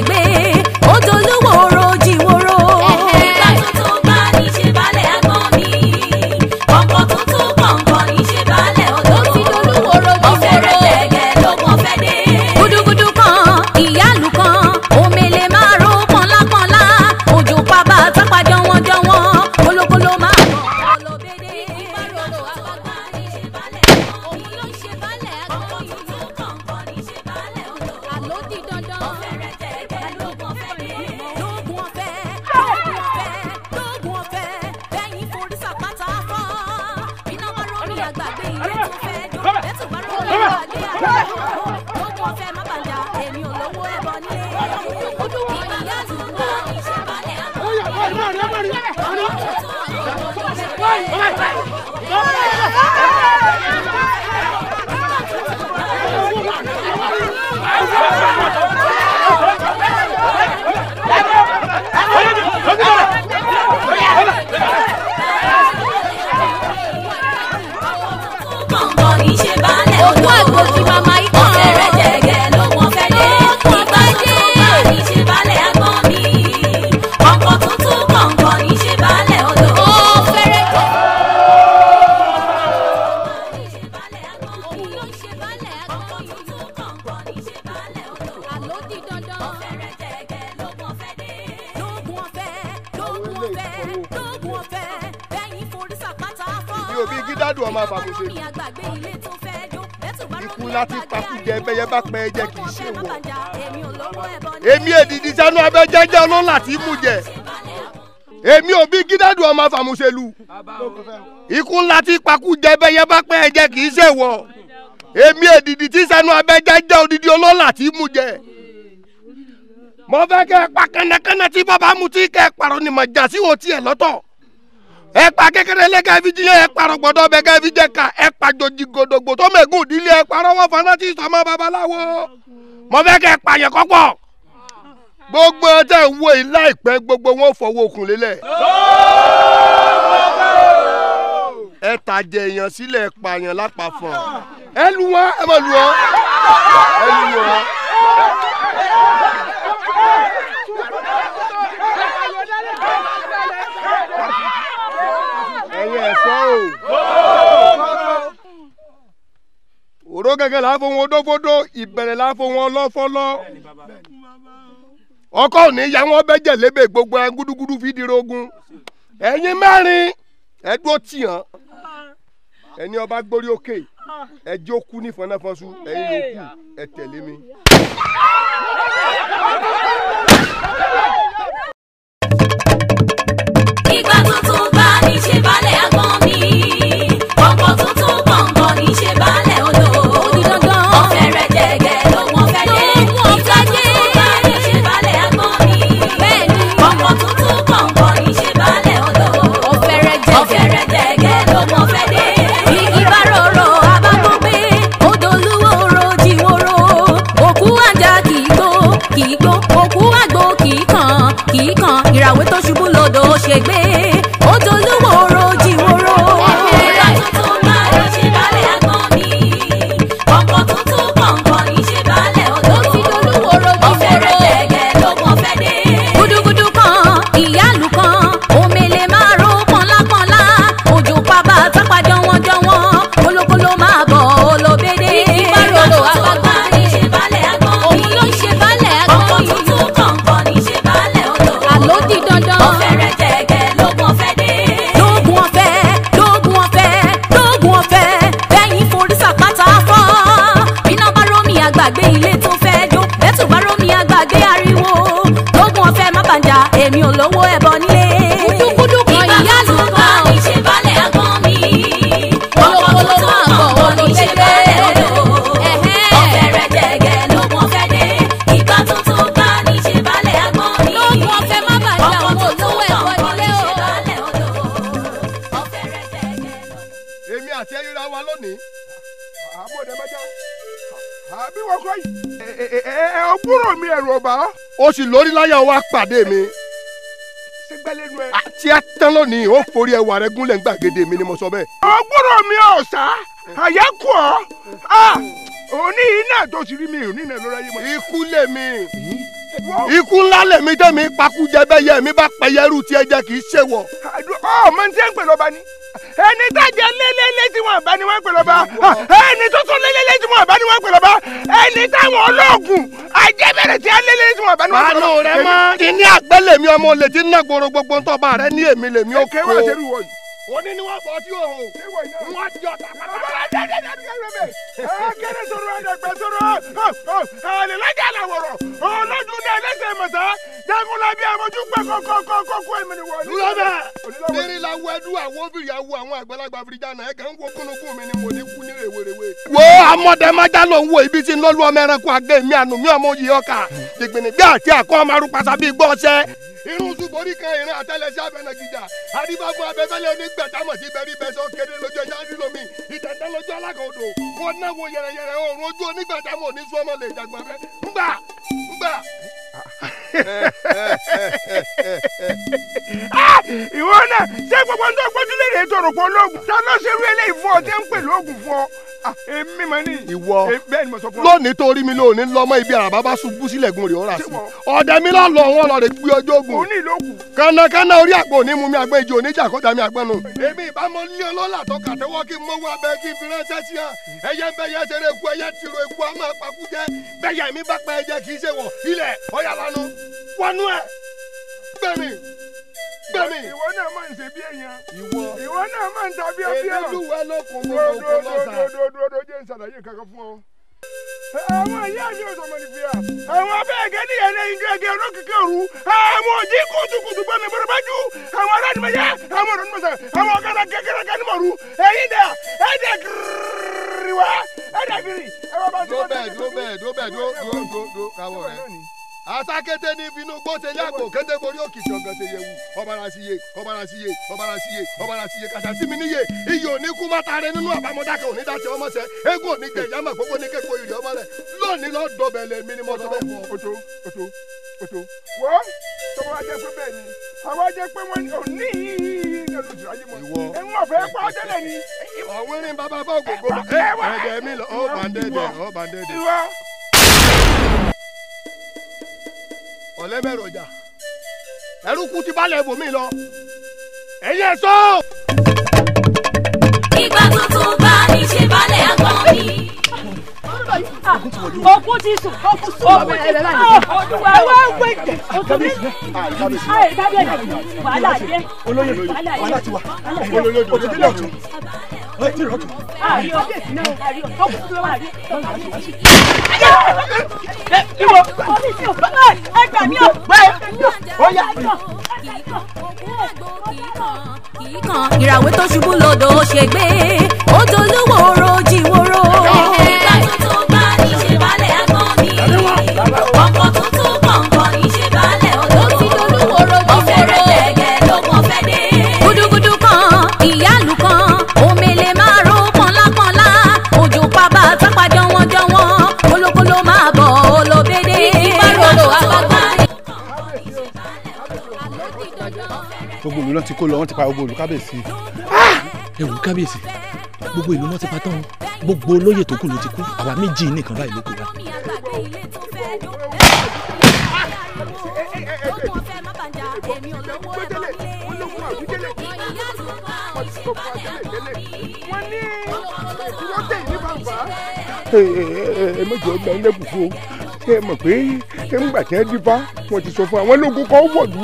que amúṣelú ikú ńlá tí pakú jẹ bẹyẹ bá pẹ́ ẹ̀jẹ̀ kì í ṣe wọ̀ èmi èdìdì tí sẹ́nu abẹ́jẹ́ jẹ́ odidi olólà tí mú jẹ mo fẹ́ kẹ́ pa kẹ́nẹ́kẹ́nẹ́ tí bàbá mu tí kẹ́ ẹ pàrọ̀ jà sí wo tiẹ̀ lọ́tọ̀ ẹ pa kékeré lẹ́kẹ́ fi jiyàn ẹ parọ́ gbọ́dọ̀ bẹ́ẹ̀ kẹ́ fi jẹ́ ká ẹ pa jòjì gòdògbò tó mẹ́gùn ìdílé ẹ parọ́ wọ́n fana tí sọmọ babaláwo mo fẹ́ kẹ́ ẹ pààyàn kọ́pọ̀ gbogbo ẹ tẹ̀ wo yìí láìpẹ́ gbogbo wọn fọwọ́ okùn lélẹ̀ ẹ tàjẹ èèyàn sílẹ̀ pààyàn lápapọ̀ ẹ lu wọn ẹ má lu wọn ẹ lu wọn. ẹyẹ ẹsọ o. òró gẹ́gẹ́ la fún wọn dófódó ìbẹ̀rẹ̀ la fún wọn lọ́fọ́lọ́ ọkọ ò ní ya wọn bẹ́jẹ̀ lébè gbogbo ẹ gúdúgúdú fídírogún ẹ̀yin mẹ́rin ẹ dúró tì hàn ẹni ọba gbórí òkè ẹ jẹ́ òkú ní fọnáfọ́sù ẹ̀yin òkú ẹ tẹ̀lé mi. ìgbà tuntun bá ní ṣe balẹ̀ àgbọn mi. igbó òkú àgbo kìí kàn kìí kàn ìràwé tó ṣubú lódò ó ṣègbè. gbàgbé ilé tó fẹ́ jó bẹ́tù bá rómi àgbàgbé ariwo lógún ọ̀fẹ́ má bàjá èmi ò lówó ẹbọ nílé. kúdúkúdú kan ìyá ló bá mi ṣe balẹ̀ àgbọn mi ọkọ̀ tó tó mọ̀ wọ́n ní ṣe balẹ̀ odò ọ̀fẹ́ rẹ̀ jẹ̀gẹ̀ lógún ọ̀fẹ́ dé ìgbà tó tó bá ní ṣe balẹ̀ àgbọn mi ọkọ̀ tó tó mọ̀ wọ́n ní ṣe balẹ̀ odò ọ̀fẹ́ rẹ̀ jẹ̀gẹ̀. èmi àti ẹyẹra àbí wọ́n kọ́ yìí. ẹ ẹ ọgbúrò mi ẹ̀rù ọba. o sì lórí láyà wa pàdé mi. ṣé gbẹ́lẹ́ nu ẹ. àti atán lónìí ó forí ẹwà rẹ gúnlẹ̀ gbàgede mi ni mo sọ bẹ́ẹ̀. ọgbúrò mi ò sá àyà kù ọ́ ah, òní iná tó ti rí mi òní iná ló ráyé mọ́. ikú lè mi ikú ńlá lèmi tẹ̀mí pakú jẹbẹyẹ mi bá pẹyẹrú tiẹ̀ jẹ kì í ṣe wọ. ọ mọ ní tí ń pè lọ́ba ni ẹni tájẹ lélẹ́lẹ́ tí wọ́n bá ní wọ́n pè lọ́ba ẹni tó tún lélẹ́lẹ́ tí wọ́n bá ní wọ́n pè lọ́ba ẹni táwọn olóògùn ajẹ́bẹ̀rẹ̀ tí lélẹ́lẹ́ tí wọ́n bá ní wọ́n pè lọ́ba. àánú rẹ mọ. ìní àgbẹ̀ lèmi ọmọ lè ti ná gbogbo gbogbo ń tọ́ òní ni wọ́n bọ̀ sí òhun wọ́n ti ọ̀tà pàtàkì. kéré sọ̀rọ̀ ẹ̀dẹ̀gbẹ́ sọ̀rọ̀ àlèlájà làwọ̀rọ̀ ọlọ́dún náà lẹ́sẹ̀ mọ̀sá jágunlá bí amójú pẹ́ kọ́kọ́kọ́kọ́ èmi ni wọ́n. lọ bẹ bẹ́ẹ̀rẹ̀ la wọ ẹdú àwọn obìnrin awo àwọn àgbàlagbà fìdíjà náà ẹ̀ka ń wo kúnnukún mi ni mo ní kú ní rèwerèwe. wo amọ̀dẹ́májá ló ń wo ibi tí ń ẹranko àgbẹ̀ mi ànú mi ọmọ òye ọkà gbẹ̀gbẹ̀nìgbà àti àkọ́ ọmọ arúgbó irun subori kan ìran àtàlẹ́sẹ̀ abẹ́nà gíga adibagun abẹ́fẹ́lẹ́ onígbàtàmọ̀ sí bẹ́rí bẹ́sọ̀ kéde lójú ẹja nílòmí ìtẹ̀tẹ̀ lójú alákòódo wọn náwó yẹrẹyẹrẹ oorun ojú onígbàtàmọ̀ oníṣu ọmọ lè dàgbà fẹ́ ńgbà ńgbà ìwọ náà ṣé gbogbo ń tó gbójú lè rèé tọrọ pọ lóògùn ta ló ṣe rú eléyìí fún ọ tẹ́ ń pè lóògùn fún ọ èmi mọ ní. ìwọ lónìí tó rí mi lónìí lọmọ ibi àràbá bá ṣubú sílẹ̀gùn rẹ̀ ó rà sí. ọ̀dẹ mi lọ lọ wọn lọ rẹ gbé ọjọ́ ogun. òun ní ìlókù. kánnakánná orí àpò òní mu mi àgbọn ìjọ oníjà kọjá mi àgbọn nù. èmi ìbámu ní ọlọ́lá tó kàtẹ́wọ́ kí n mọ́wọ́ abẹ kí n fi ránṣẹ́ sí ọ. ẹyẹ ń bẹyẹ ṣeré eku ẹyẹ tìrò eku ọmọ àpapọ̀ jẹ bẹyẹ mi bá pa ẹjẹ kì í ṣe wọ̀ ilẹ̀ ọ̀yà lánàá wọnú ẹ gbẹmí gbẹmí. ìwọ náà máa ń ṣe bí èèyàn. ìwọ ìwọ náà máa ń ta bí ọbíọ. ebílúwẹ ló kún gbogbo òkú lọ́sàn. dòdòdòdòdò jẹ́ ìṣàlàyé kankan fún ọ. àwọn ìyá mi ò sọmọ nìfìyà. àwọn abẹ́ẹ̀gẹ́ ní ẹ̀lẹ́ ìjọ ẹ̀gẹ́ olókìkí òru. àwọn òjì kùtùkùtù gbọ́mi bọ́dọ̀bájú. àwọn aládùmọ̀yá àwọn ọ̀dọ́dúnmọ̀sán àwọn ọ̀gára gẹ́gẹ́rẹ́gẹ́ ní mọ̀rú. ẹ̀yin dà ẹ̀dẹ̀ gírírí wá asákété ní finú gbóse yàgò kété borí òkìtì ọ̀gànṣe yẹ̀wù ọbarasiye ọbarasiye ọbarasiye ọbarasiye kàṣàsími níye iyì òní kú mátàrẹ nínú àbámọ́dákẹ́ òní dáṣẹ ọmọ sẹ égún òní gbẹ ìyá gbogbo ní kéko ìrì ọmọ rẹ lọ dọ̀bẹ̀ lè ni mo sọ bẹ́ẹ̀ fún oto oto oto. wo tó bá pé bẹ́ẹ̀ ni àwa jẹ́ pé wọ́n ní olùdíje ayé mọ́ ẹ̀wọ̀n fẹ́ pa ọ́ tẹ́lẹ̀ ni. ọ̀wẹ́rin bàbá bá ògògó ẹ̀ẹ́dẹ̀ẹ́mí lọ ọ́ bàndẹ́ẹ̀dẹ̀ ọ́ bàndẹ́ẹ̀dẹ̀. ọ̀lẹ́ bẹ̀rẹ̀ ọjà ẹrú kú ti balẹ̀ ibòmí lọ ẹ̀yin ẹ̀ sọ. ìgbà tuntun bá ní ṣe balẹ̀ àgbọ̀n mi. Òkú ti sùn, òkú sùn, òkú ti sùn, ẹ wá wé jẹ, ayé kábíyèsí, wàhálà dé, wàhálà dé, wàhálà ti wà, olóyè òdòdó ọ̀tún ti rọ́ọ̀tù. àríyọ àríyọ tó kù sí lọ́wọ́ àríyọ. ìwọ ẹgbà mi ò bẹ́ẹ̀ ó yà. ìràwé tó ṣubú lọ́dọ̀ ó ṣègbè ó dolówó oró jíwòrò. gbogbo ìlú náà ti kó lọ wọ́n ti pa gbogbo ìlú kábíyèsí. ẹ wò kábíyèsí gbogbo ìlú náà ti pa tán gbogbo olóyè tó kù ló ti kú àwa méjì nìkan báyìí ló kù wá. ẹ ẹ ẹ mọ̀jọ́ gba ẹlẹ́gùn fún o ṣé ẹ pé nígbà tí ẹ dífá wọn ti sọ fún wa wọn lógun kọ́ wọ̀lú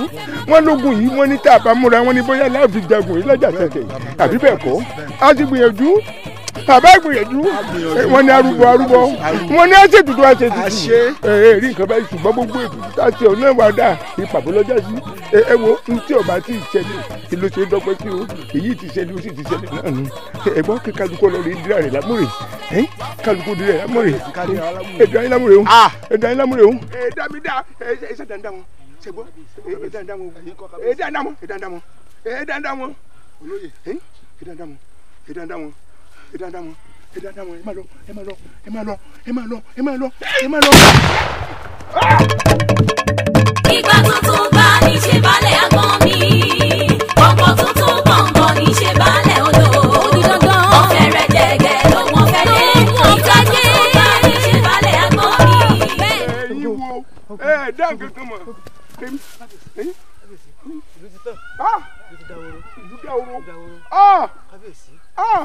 wọn lógun yìí wọn ní tá a bá múra wọn ní bóyá láàfin jagun yìí lọ́jà tẹ̀tẹ̀ àbí bẹ́ẹ̀ kọ́ á ti gbìyànjú bàbá ìgbìyànjú wọn ni arúgbó arúgbó wọn ni aṣètùtù aṣètùtù ẹ rí nǹkan báyìí ṣùgbọ́n gbogbo ètùtù tá a ṣe ọ̀nà ìwà dà ìpàbó lọ́jà sí ẹ wo n tí ọba ti ṣẹlẹ̀ kí ló ṣe dọ́gbẹ́ sí o èyí ti ṣẹlẹ̀ ó sì ti ṣẹlẹ̀ náà nù ẹ̀gbọ́n kí kálukú ọlọ́rin dira rẹ̀ lámúre ẹ̀ kálukú dira rẹ̀ lámúre ẹ̀dá yín lámúre o ah! ẹ̀dá yín lámúre o. ẹ̀dá mi dá ẹ̀ṣẹ̀ dandan wọn ṣẹ̀gbọ́n ẹ̀dá dandan wọn ẹ̀dá dandan wọn ẹ̀dá dandan wọn ẹ̀dá dandan wọn ẹ̀dá dandan wọn ẹ dáadáa wọn ẹ dáadáa wọn ẹ má lọ ẹ má lọ ẹ má lọ ẹ má lọ ẹ má lọ ẹ má lọ. ìgbà tuntun bá ní ṣe balẹ̀ àgbọn mi ọkọ̀ tuntun gbọ̀ngàn ní ṣe balẹ̀ odò ọ̀fẹ́ rẹ̀ jẹ́gẹ́ ló wọ́n fẹ́ lé ìgbà tuntun bá ní ṣe balẹ̀ àgbọn mi. ẹ̀yin wo ẹ dá nǹkan kan mọ̀ ah! ìlú ti tán ìlú ti dáworo ìlú ah! dáworo. Ah!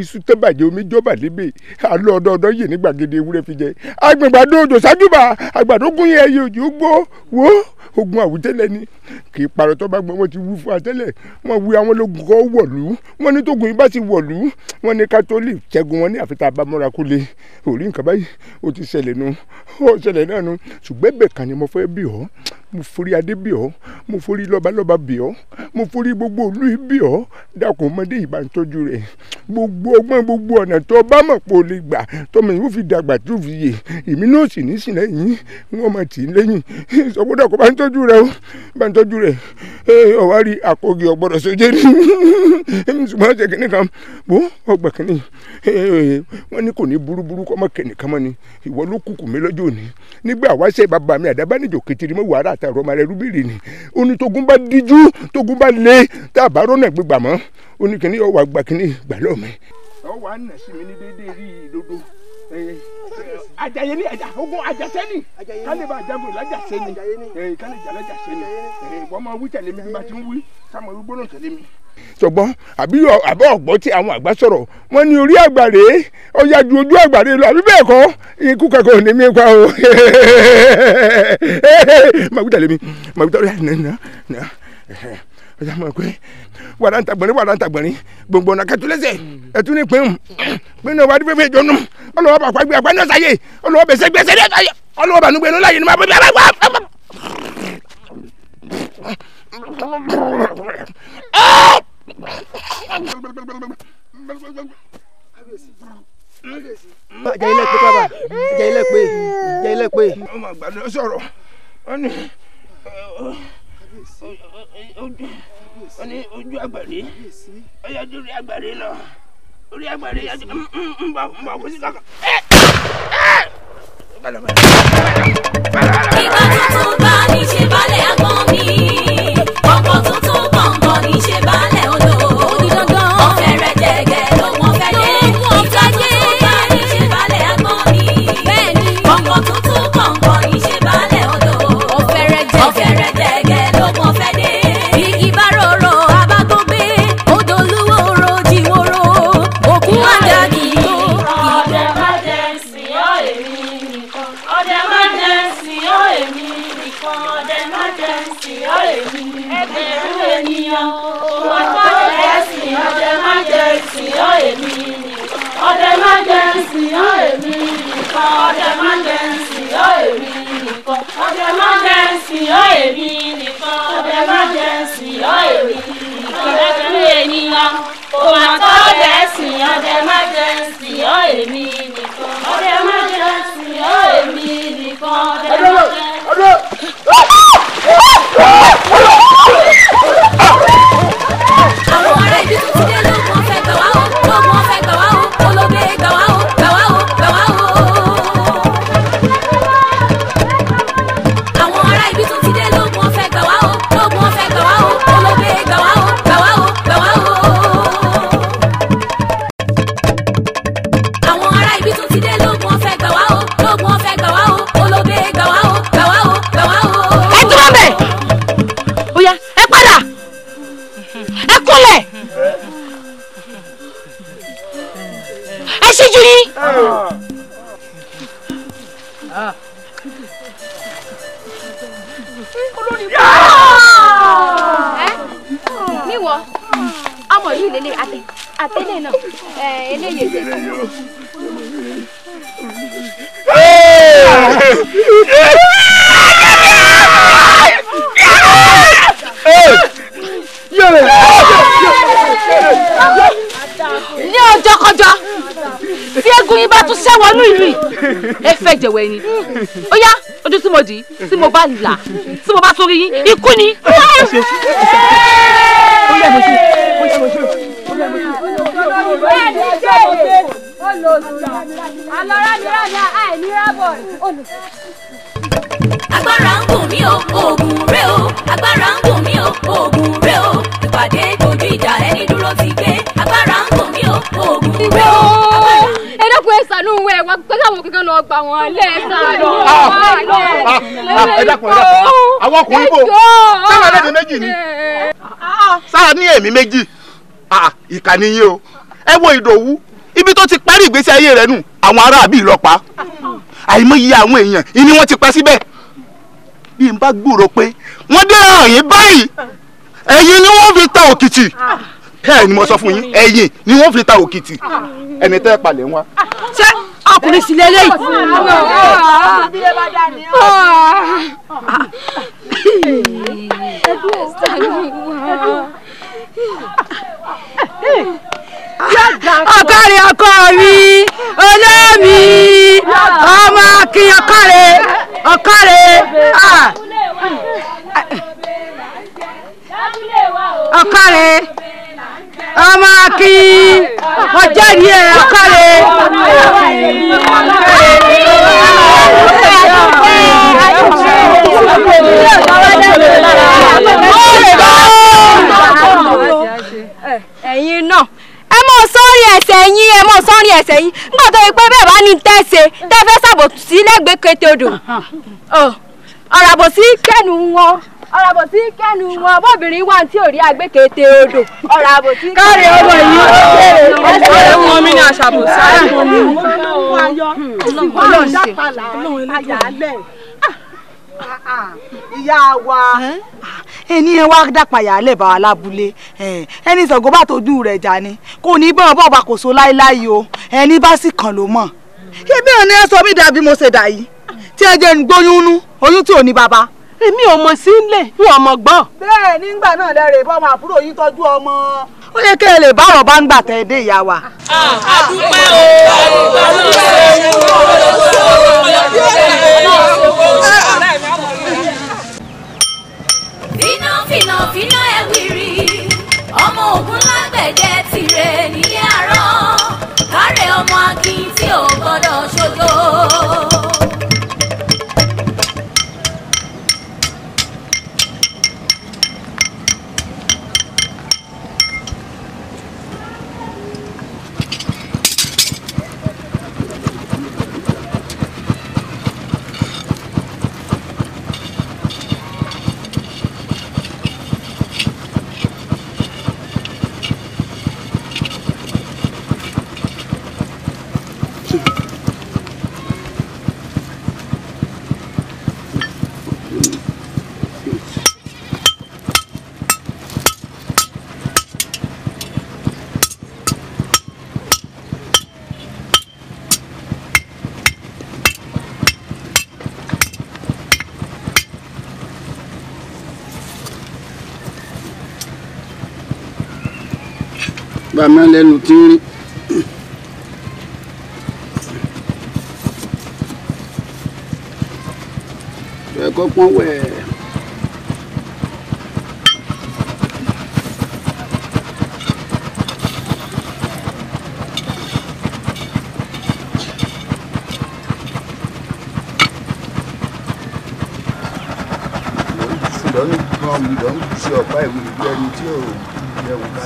iṣu tó bàjẹ́ omi jọba lébè àlọ́ ọdọọdọ yìí ní gbàgede ewúrẹ́ fi jẹ àgbàdo òjò ṣáájú bá àgbàdo gún yẹn ẹyẹ òjò gbó wò ó ogun àwùtẹ́lẹ̀ ni kì í parọ́ tó bá gbọ́n wọ́n ti wú fún àtẹ́lẹ̀ wọ́n wí àwọn ológun kan wọ̀lú wọ́n ní tógun yìí bá ti wọ̀lú wọ́n ní kátólì ṣẹ́gun wọn ní àfitá abamọ́ra kó le orí nǹkan báyìí ó ti ṣẹlẹ̀ nu ó ṣẹlẹ̀ náà nu ṣùgbọ́n ẹ̀bẹ̀ kan ni mo fẹ́ bí ọ́ mo forí adé bí ọ́ mo forí lọ́balọ́ba bí ọ́ mo forí gbogbo ìlú yìí bí ọ́ dákun ọmọdé yìí bá ń tọ́jú rẹ̀ gbogbo ọgbọ́n gbogbo ọ̀nà tó bá mọ̀ pé o lè gbà tọmọ yìí ó fi dàgbà tó fi yè èmi náà sì ní sílẹ̀ yìí wọ́n mọ̀ tì í lẹ́yìn ìsọgbọ́dọ̀ kó bá ń tọ́jú rẹ o bá ń tọ́jú rẹ ọ̀wá rí àpògì ọ̀gbọ́dọ̀ sójú rí ṣùgbọ́n ṣe kìnnì kan bó ọgbà kìnnì wọ́n ní kò ní burúburú kọ́ mọ́ kìnnì kan mọ́ ni ìwọ ló kùkù mi lọ́jọ́ òní nígbà wá ṣe bàbá mi àdábánijò kìtìrì mọ́ wàhálà àtàrọ ọmọ rẹ rúbìrì ni ó ní tógun bá díjú tógun bá lé tá a bá rọ́nà gbígbà mọ́ ó ní kìnnì ọ̀wà gbà kìnnì gbà lọ́ọ̀ mi. ọ̀wà nà sí mi ní déédéé rí ìdodo ajaye eh, ni ẹja ogun ajase ni kálíba ajagun lajase ni kálíba lajase ni eh, eh, wọ́n máa wí tẹ̀lé mi bí wọ́n ti ń wí sáwọn arúgbó náà tẹ̀lé mi. sọgbọn àbí àbá ọgbọ tí àwọn àgbà sọ̀rọ̀ wọ́n ní orí àgbàre ọyà ju ojú àgbàre lọ àbí bẹ́ẹ̀ kọ́ ikú kankan ò ní mí pa o màá wí tẹ̀lé mi màá wí tẹ̀lé mi nà nà nà ẹja mọ̀ pé wàrà ń tagbọ̀nrín wàrà ń tagbọ̀nrín gbòǹgbò ọ̀nà kẹtùlẹ́sẹ̀ ẹtù ní ìpín pín náà wà á dúpẹ́ fún ìjọ́nù ọlọ́wọ́ bàkú àgbẹ̀ àgbẹ̀ náà sáyé ọlọ́wọ́ bẹ̀sẹ̀ gbẹ̀sẹ̀ ní ẹ̀sáyé ọlọ́wọ́ bànú gbẹ̀nu láyé ni máa bẹ̀ bẹ̀ bẹ̀ jẹ́ ilé pé bàbá jẹ́ ilé pé jẹ́ ọmọ àgbàdo sọ̀rọ̀ wọ́n ní ó ní ojú àgbàrí ó yọjú orí àgbàrí lọ orí àgbàrí yọjú ń bọ̀ ń bọ̀ kó sí kankan. ìbọn tuntun bá mi ṣe bá. ẹgbẹ̀rún ènìyàn wọ́n tó ẹ̀sìn ọdẹ má jẹ ìsìn ọ́ èmi nìkan ọdẹ má jẹ ìsìn ọ́ èmi nìkan ọdẹ má jẹ ìsìn ọ́ èmi nìkan ọdẹ má jẹ ìsìn ọ́ èmi nìkan ọdẹ má jẹ ìsìn ọ́ èmi nìkan ẹgbẹ̀rún ènìyàn wọ́n tó ẹ̀sìn ọdẹ ọdẹ má jẹ ìsìn èmi nìkan ọdẹ má jẹ ìsìn èmi nìkan ọdẹ má jẹ ìsìn èmi nìkan ọdẹ má jẹ ìsìn èmi nìkan ọdẹ má jẹ ìsìn èmi nìkan ọdẹ má jẹ ìsìn èmi nìkan ọdẹ má jẹ ìsìn èmi nìkan ọdẹ má jẹ ìsìn èmi nìkan ọdẹ má jẹ ìsìn èmi nìkan ọdẹ má jẹ ìsìn èmi nìkan ọdẹ má jẹ ìsìn èmi nìkan ọdẹ má jẹ ìsìn èmi nìkan ọdẹ má jẹ ìsìn èmi nìkan ọdẹ má jẹ ìsìn èmi nìkan ọdẹ má jẹ ìsìn èmi nìkan ọdẹ má jẹ ìsìn jẹ̀wọ̀ ẹyin ó yá ojú tí mo dì í tí mo bá là tí mo bá sórí yín ikú ni. Olùsùn, alọ́ra ni rọ́ọ̀dà àìníra bọ̀. wọn lẹ́sàn-án lọ́wọ́ ẹ dákun ẹ dákun àwọn ọkùnrin bò sáà lẹ́ni méjì ni ah. sáà ní ẹ̀mí méjì ah, ìkànnì yín o ẹ wo ìdòwú ibi tó ti parí ìgbésí ayé rẹ nù àwọn aráàbí ìlọpa àìmọye àwọn èèyàn ìní wọn ti pa síbẹ̀ bí n bá gbúrò pé wọ́n dé àyín báyìí ẹ̀yin ni wọ́n fi ta òkìtì bẹ́ẹ̀ ni mo sọ fún yín ẹ̀yin ni wọ́n fi ta òkìtì ẹni tẹ́ palẹ̀ wá. ṣé ọkùnrin sílẹ̀ lẹ́yìn. ọkọ rẹ ọkọ mi olómi ọmọ akin ọkọ rẹ ọkọ rẹ ah. ọkọ rẹ ọmọ akin ọjọ́ ìdí ẹ̀ akọ́lẹ̀. ẹ̀yin náà ẹ mọ sọ́ọ̀rì ẹsẹ̀ yín ẹ mọ sọ́ọ̀rì ẹsẹ̀ yín nígbà tó yẹ pé bẹ́ẹ̀ bá ní tẹ́sẹ̀ tẹ́fẹ́ sàbòsí lẹ́gbẹ̀ẹ́ kété odò ọ̀rọ̀ àbòsí kẹ́nu wọn ọ̀rọ̀ àbò tí kẹ́nu wọn bóbìnrin wà tí ò rí agbẹ́kẹ̀tẹ̀ odò ọ̀rọ̀ àbò tí. káre ọmọ yìí ọ̀rẹ́ wọn mi ní àṣàbò sáré wọn mi. ọlọ́run dápàlà ayálẹ̀ ah, ah, ìyá wa ẹni ẹ wá dàpàyà lẹ̀ bá wa lábúlé ẹni Ṣàngó bá tójú rẹ̀ jà ni kò ní bọ́ọ̀ bọ́ọ̀ bá kò so láéláé o ẹni bá sì kàn ló mọ̀. ṣé bí ẹni ẹ sọ mí dàbí mo ṣe dà yìí tí ẹ jẹ́ ń gbóyún nú oyún tí ò ní bàbá èmi ò mọ̀ sí nílẹ̀ n ò mọ̀ gbọ́. bẹ́ẹ̀ nígbà náà lẹ́rẹ̀ bá àbúrò yín tọ́jú ọmọ. ó yẹ kẹ́ ẹ lè bá ọ̀rọ̀ ń gbà tẹ̀ ẹ́ ìyá wa. a dúpẹ́ o a dúpẹ́ o fínà fínà fínà ẹ̀wìrì ọmọ ògùn lágbẹ̀dẹ tirẹ̀ nílé àárọ̀ kárẹ̀ ọmọ akin tí ò gbọ́dọ̀ ṣojo. bàmí lẹ́nu tí ń rí. ẹ̀kọ́ pọ́n wẹ̀ ẹ́. gan-an lọ́nù sí ọ̀pá ìwé ìgbẹ́ni tí ò yẹ wò ká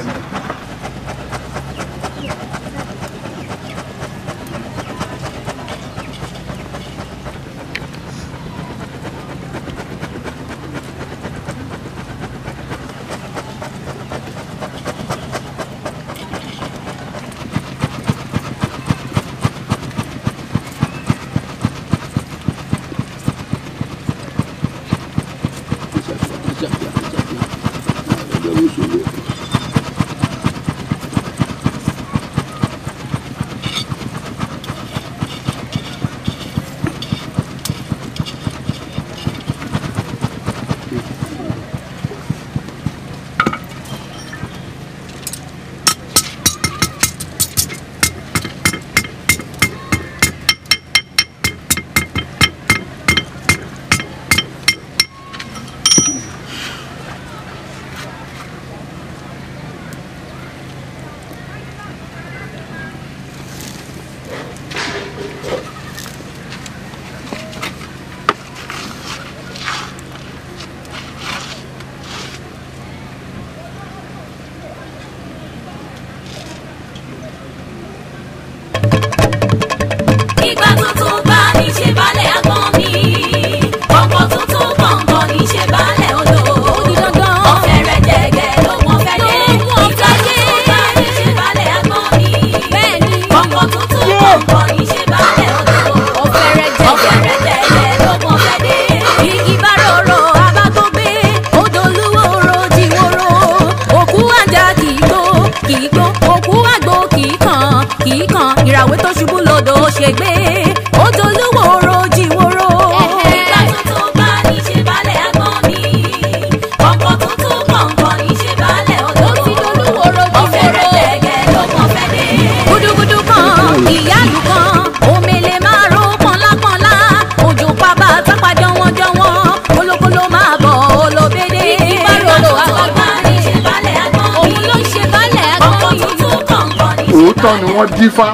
lọ́nà ni wọ́n dífá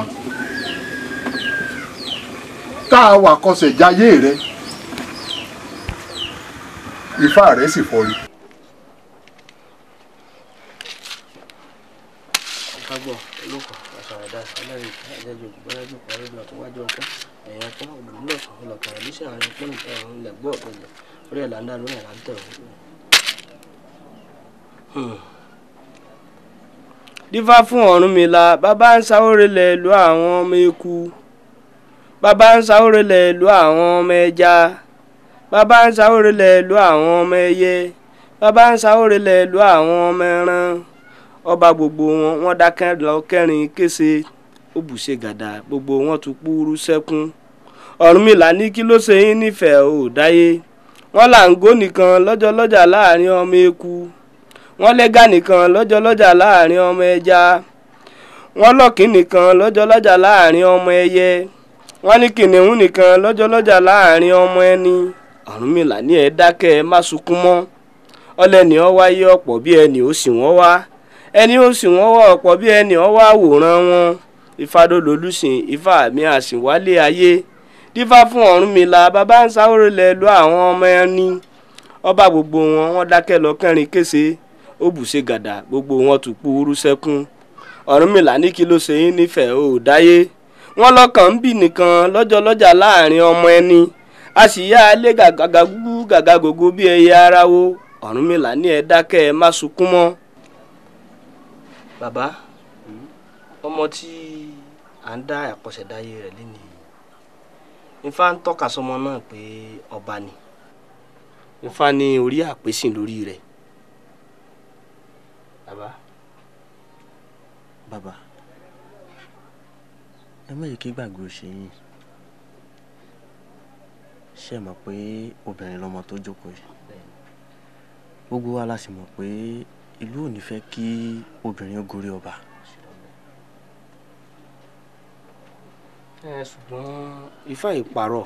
tá a wà kọsẹ̀ jayé rẹ ifá rẹ sì fọrí. ọ̀gágbọ̀ dífá fún ọ̀rúnmìlà bàbá ń sáwórelẹ̀ lu àwọn ọmọ eku bàbá ń sáwórelẹ̀ lu àwọn ọmọ ẹja bàbá ń sáwórelẹ̀ lu àwọn ọmọ ẹyẹ bàbá ń sáwórelẹ̀ lu àwọn ọmọ ẹran ọba gbogbo wọn wọn dákẹ́ lọ kẹrin kése ó bù ṣe gàdà gbogbo wọn tún kúrú sẹ́kún ọ̀rúnmìlà ní kí ló ṣe yín nífẹ̀ẹ́ ò dáyé wọn là ń gó nìkan lọ́jọ́ láàrin ọmọ eku wọ́n lẹ́gà nìkan lọ́jọ́ lọ́jà láàrin ọmọ ẹja wọ́n lọ́kìn nìkan lọ́jọ́ lọ́jà láàrin ọmọ ẹyẹ wọ́n ní kìnìún nìkan lọ́jọ́ lọ́jà láàrin ọmọ ẹni Ọ̀rúnmìlà ní ẹ dákẹ́ ẹ má sunkún mọ́ ọlẹ́ni ọ wáyé ọ̀pọ̀ bí ẹni ó sì wọ́n wá ẹni ó sì wọ́n wá ọ̀pọ̀ bí ẹni ọ wá wòran wọn ìfadolólùsìn ifá mi àsìnwálé ayé dífá fún Ọ̀rúnmìlà bàbá ń sáwórò lẹ̀ lu àwọn ọmọ ẹni ọba gbogbo wọn wọ́n dákẹ́ lọ kẹrin kése ó bù ṣe gàdà gbogbo wọn tún kú urú sẹ́kún ọ̀rúnmìlà ní kí ló ṣe yín nífẹ̀ẹ́ ò dáyé wọn lọ́kàn ń bì nìkan lọ́jọ́ lọ́jà láàrin ọmọ ẹni a sì yá alé gàgàgú gàgàgògó bí ẹyẹ aráwo ọ̀rúnmìlà ní ẹ dákẹ́ ẹ má sunkún mọ́. bàbá ọmọ tí à ń dá àkọsẹ̀dáyé rẹ̀ lé nìyí ifá ń tọ́ka sọmọ náà pé ọba ni ifá ní orí àpèsìn lórí rẹ̀ Bàbá. Bàbá. Ẹ má yẹ kí gbàgbé ó ṣe yín. Ṣé ẹ mọ̀ pé obìnrin lọmọ tó jókòó yìí? Gbogbo wa la sì mọ̀ pé ìlú ò ní fẹ́ kí obìnrin ó gorí ọba. ṣùgbọ́n ifá ìparọ́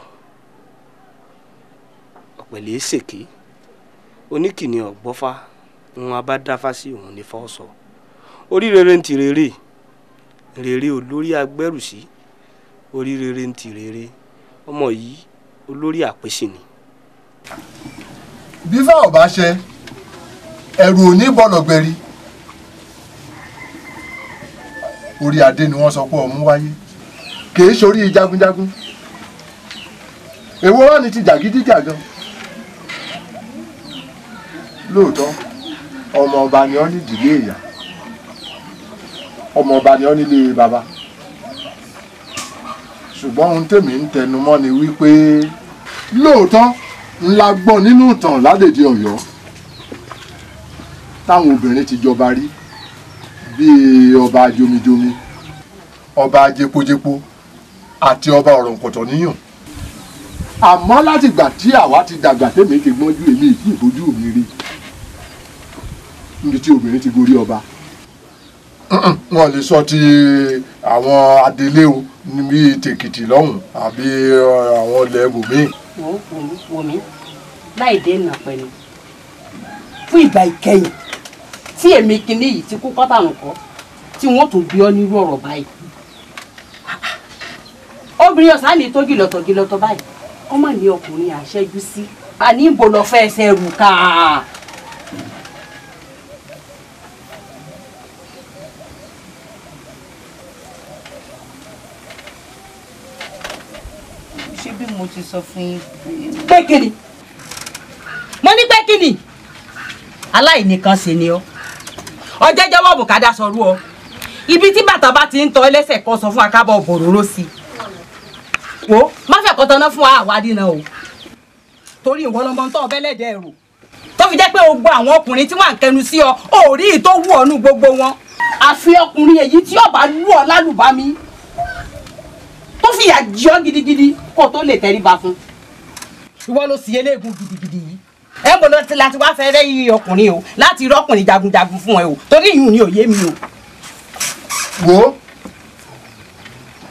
ọ̀pẹ̀lẹ̀ èsèké oníkìní ọ̀gbọ́fá wọn bá dáfá sí òun ní fọ́ọ̀sọ orí rere ń ti rere rere olórí agbẹ́rù sí orí rere ń ti rere ọmọ yìí olórí àpèsè ni. bífà ò bá ṣe ẹ̀rù ò ní bọ́lọ̀ gbẹ̀rí orí adé ni wọ́n sọ pé ọmú wáyé kìí ṣorí jagunjagun èwo wà ní ti jàgídíjàgan lóòótọ́ ọmọ ọba ni ọ́ nídìílé ìyá ọmọ ọba ni ọ́ nílé bàbá ṣùgbọ́n ohun tèmi ń tẹnu mọ́ ni wípé lóòótọ́ ńlá gbọ́ nínú ìtàn ládèdè ọ̀yọ́ táwọn obìnrin ti jọba rí bíi ọba jomijomi ọba jepojepo àti ọba ọ̀rọ̀ǹkọ̀tọ̀ níyàn àmọ́ látìgbà tí àwa ti dàgbà tèmi ti gbọ́njú èmi ìdí ìbójú mi rí i níbi tí obìnrin ti gorí ọba. wọn lè sọ ti àwọn adelé o níbi tèkìtì lọ́hùn àbí àwọn ilẹ̀ ibòmíì. wò mí láì dènà pẹ̀lú fún ìgbà ìkẹyìn tí èmi kinní yìí ti kú pátánù kọ́ tí wọ́n tún bí ọ nírú ọ̀rọ̀ báyìí obìnrin ọ̀sán ní tó gìlọ̀tọ̀ gìlọ̀tọ̀ báyìí ọmọ ní ọkùnrin àṣẹjú sí àní ìbò lọ fẹ́ rù káà. mo ti sọ fún yín. pé kíni mo ní pé kíni aláìníkan sì ni ọ ọjọ́ jẹ́wọ́ bùkádà sọrú ọ ibi tí bàtà bá ti ń tọ́ ẹlẹ́sẹ̀ kan sọ fún akábọ̀ bòróró sí i wo má fẹ́ kọ́tọ́ ná fún wa àwádìí náà o torí ìwọ lọmọ tó ọbẹ̀ lẹ́dẹ̀ẹ́ rò tó fi jẹ́ pé gbogbo àwọn ọkùnrin tí wọ́n ń kẹnu sí ọ òórí tó wù ọ́ nú gbogbo wọn àfi ọkùnrin èyí tí ọba lù ọ lálùbami kó fìyà jọ gidigidi kó tó lè tẹríba fún. ìwọ ló sì eléegun gidigidi yìí ẹ kò lọ láti wá fẹrẹ yí ọkùnrin o láti rọkùnrin jagunjagun fún ẹ o torí ìyún ni òye mi o. wo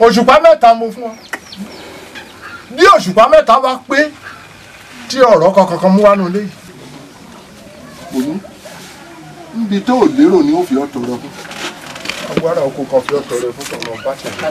òṣùpá mẹ́ta mo fún ọ bí òṣùpá mẹ́ta bá pé tí ọ̀rọ̀ kankan mú wá nulẹ̀ yìí. òun níbi tó o lérò ni ó fi ọ́ tọrọ fún. agbára oko kan fi ọ́ tọrọ fún tọrọ bá tẹ̀lé.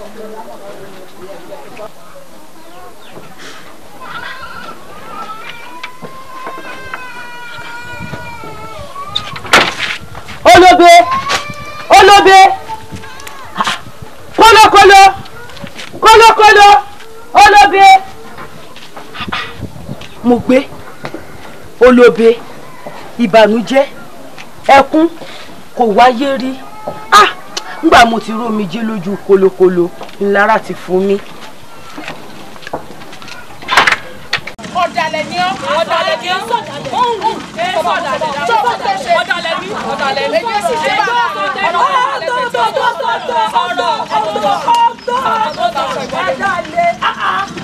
olóbe olóbe kólókóló kólókóló olóbe mo gbé olóbe ìbànújẹ́ ẹkún kò wáyé rí ah ngbà mo ti rómi jẹ lójú kólókóló ńlára ti fún mi. ọ̀rọ̀ ọ̀rọ̀ ọ̀gbọ́n ẹ̀dá lé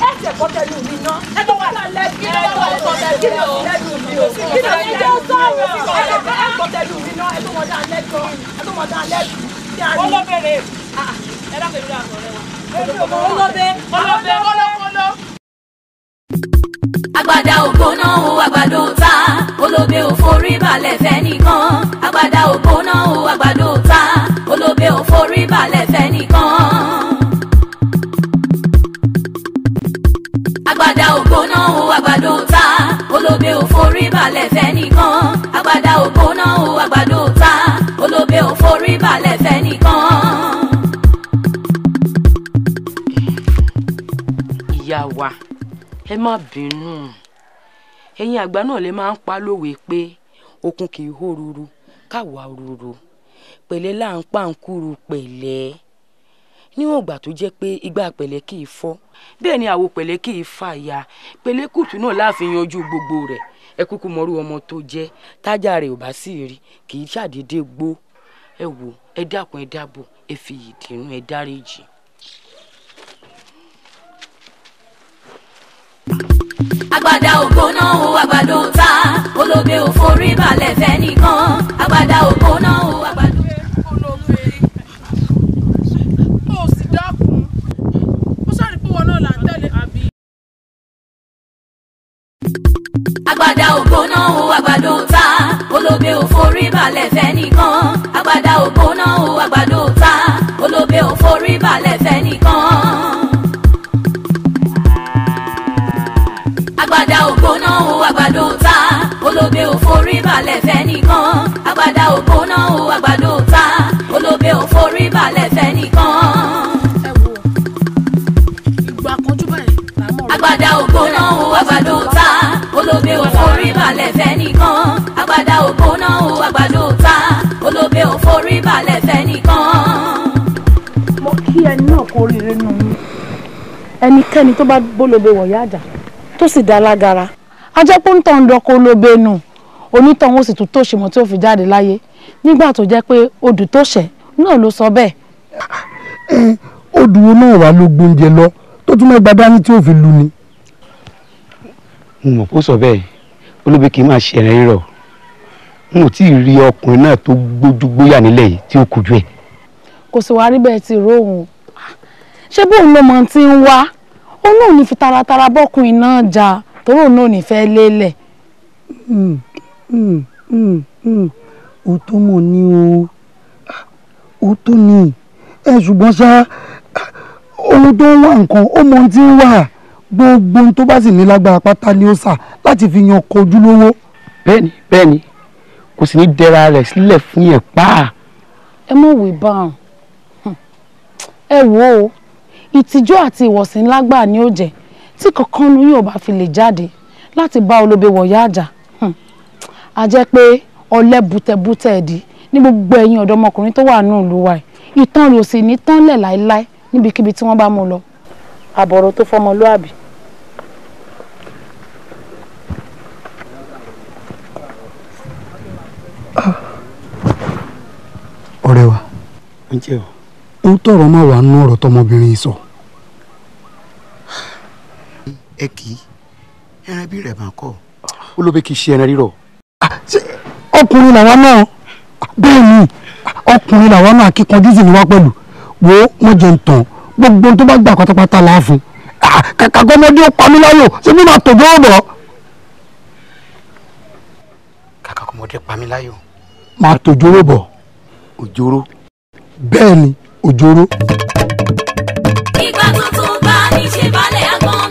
ẹsẹ̀ kọ́tẹ́ yìí mi ná ẹ̀dá wà lálẹ́ kí ló wà lọ́tẹ̀ kí ló lẹ́nu mi o kí ló ní jẹ́ sọ̀rọ̀ ẹ̀dá kọ́tẹ́ yìí mi ná ẹ̀dá wọn dá lẹ́kọ̀ọ́ ẹ̀dá wọn dá lẹ́kọ̀ọ́ olóbèrè ẹ̀dá kẹ́mi náà sọ̀rọ̀ wa olóbè olóbè olókòló. Agbada ògbóná o àgbàdo ta, olóbe ò forí balẹ̀ fẹ́ nìkan. Agbada ògbóná o àgbàdo òpónà o àgbàdo ta olóbe ò forí balẹ̀ fẹ́ nìkan àgbàdá òpónà o àgbàdo ta olóbe ò forí balẹ̀ fẹ́ nìkan. ìyá wa ẹ má bínú ẹ̀yin àgbà náà lè máa ń pa lówe pé okun kì í hóruru káwa ruru pẹ̀lẹ́ là ń pàǹkúrú pẹ̀lẹ́ níwọ̀n ìgbà tó jẹ́ pé igbá pẹ̀lẹ́ kì í fọ́ bẹ́ẹ̀ ni àwo pẹ̀lẹ́ kì í fà ya pẹ̀lẹ́kùtù náà láàfin yanjú gbogbo rẹ̀ ẹ kúkú mọrú ọmọ tó jẹ́ tájà rẹ̀ ò bá sì rí kì í ṣàdédé gbó ẹ wò ẹ dákun ẹ dábò ẹ fi ìdìrún ẹ dáríjì. agbada ògbóná o àgbàdo ta olóbe òforí balẹ̀ fẹ́ nìkan agbada ògbóná o àgbàdo dákun ó sọ̀rọ̀ pé wọn náà là ń tẹ̀lé àbí. àgbàdà ògbóná o àgbàdo ta olóbe ò forí balẹ̀ fẹ́ nìkan àgbàdà ògbóná o àgbàdo ta olóbe ò forí balẹ̀ fẹ́ nìkan. àgbàdà ògbóná o àgbàdo ta olóbe ò forí balẹ̀ fẹ́ nìkan àgbàdà ògbóná o àgbàdo ta olóbe ò forí balẹ̀ fẹ́ nìkan. ògbóná o àgbàdo ta olóbe ò forí balẹ̀ fẹ́ nìkan àgbàdá ògbóná o àgbàdo ta olóbe ò forí balẹ̀ fẹ́ nìkan. mo kí ẹni náà kó rire nù mí ẹnikẹ́ni tó bá bólóbe wọ̀nyá àjà tó sì dá lágara ajẹ́pọ̀ ń tàn dọ́kọ̀ olóbe nù onítọ̀hún ó sì tún tó ṣìmọ̀ tí ó fi jáde láyé nígbà tó jẹ́ pé odù tó ṣẹ̀ náà ló sọ bẹ́ẹ̀. odù wo náà wà ló gbóúnjẹ lọ tó tún mẹ́gbàá dání tí ó fi lu ni mo mọ̀ kó sọ bẹ́ẹ̀ olóbi kì í máa ṣe ẹ̀rẹ́ rírọ̀ n ò tí ì rí ọkùnrin náà tó gbójúgbóyà nílẹ̀ yìí tí ó kojú ẹ̀. kò sì wáá rí bẹ́ẹ̀ ti rò òun ṣé bóun ló mọ ti ń wá òun náà ní fi taratara bọ́kùnrin náà jà torí òun náà ní lélẹ̀. òótọ́ hmm, hmm, hmm, mọ̀ ni o òótọ́ ni ẹ̀ ṣùgbọ́n ṣá ohun tó ń wá nǹkan ó mọ ti ń wá gbogbo ohun tó bá sì ní lágbára pátá ni ó sà láti fi yan ọkọ ojúlówó. bẹ́ẹ̀ni bẹ́ẹ̀ni kò sì ní dẹra rẹ̀ sílẹ̀ fún yẹn pa. ẹ mọ̀ wí báwọn ẹ wò ó ìtìjú àti ìwọ̀sìn lágbà ni ó jẹ́ tí kankan nu yóò bá fi lè jáde láti bá olóbe wọ̀yá àjà a jẹ́ pé ọ̀lẹ bùtẹ̀bùtẹ̀ ẹ̀dí ní gbogbo ẹ̀yìn ọ̀dọ́mọkùnrin tó wà nù lùwà ìtàn rẹ̀ ò sì ní tán lẹ̀ láéláé níbikíbi tí wọ́n bá mú lọ àbọ̀rọ̀ tó fọmọlúàbí. ọ̀rẹ́ wa ń tọrọ má wàá nú ọ̀rọ̀ tọmọbìnrin sọ. ẹ kì í ẹran bí rẹ̀ máa kọ́ ó ló bẹ kí n ṣe ẹran rírọ̀. ọkùnrin làwọn náà bẹ́ẹ̀ ni ọkùnrin làwọn náà akíkanjú sì ni wá pẹ̀lú wo wọ́n jẹ́ ń gbogbo tó bá gbà pátápátá láàfin kàkà ah, kọ́mọdé ó pamí láyò ṣé bí màá tòjú ọ̀bọ̀. kàkà kọ́mọdé pamí láyò. màá tòjú ọ̀bọ̀. òjòrò. bẹ́ẹ̀ òjòrò. ìgbà tuntun bá ní ṣe balẹ̀ àgbọn.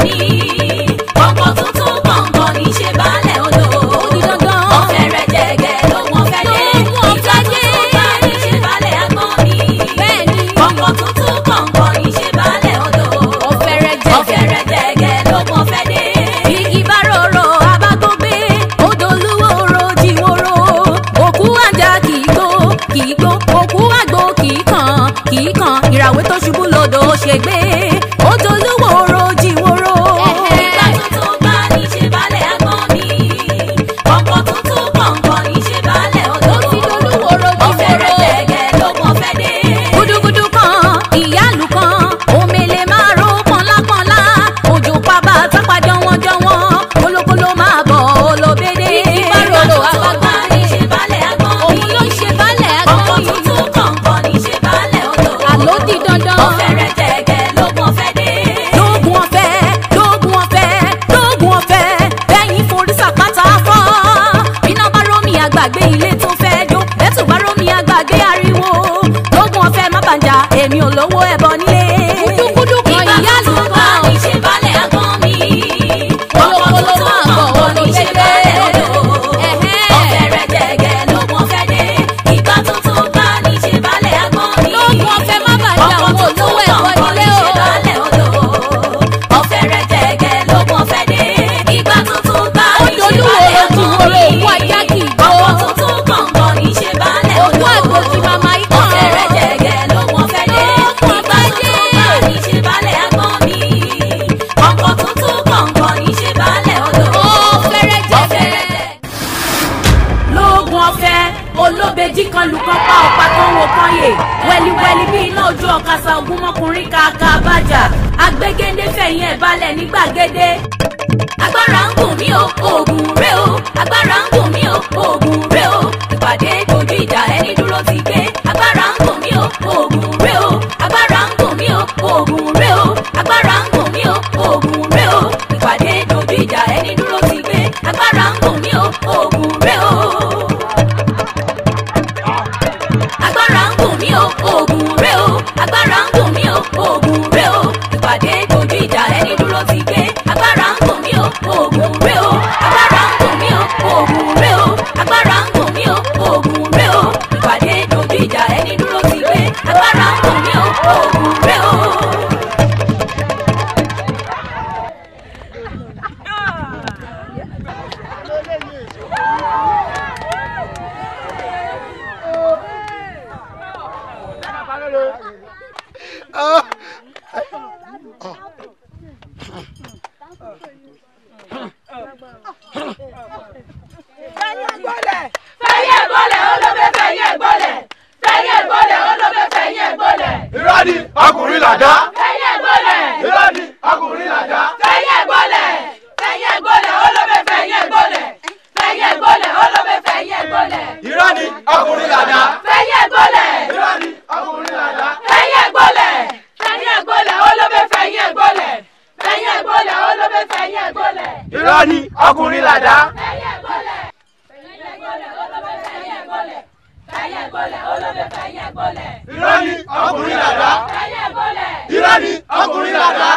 igbó òkú àgbo kìí kan kìí kan ìràwé tó ṣubú lodò ó ṣègbè. mi ò lówó ẹ̀bọ fẹ̀yìn ẹ̀ balẹ̀ ní gbàgede. agbára ń gùn mí o oògùn rẹ o agbára ń gùn mí o oògùn irọ́ ni ọkùnrin làdá. ẹyẹ gbọ́lẹ̀ ẹyẹ gbọ́lẹ̀ olóbẹ̀ fẹ̀yẹ gbọ́lẹ̀ fẹ̀yẹ gbọ́lẹ̀ olóbẹ̀ fẹ̀yẹ gbọ́lẹ̀. irọ́ ni ọkùnrin làdá. ẹyẹ gbọ́lẹ̀ irọ́ ni ọkùnrin làdá.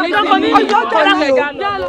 ọ̀dà kan ní ìsinmi ọ̀dà kan ní ìdánù.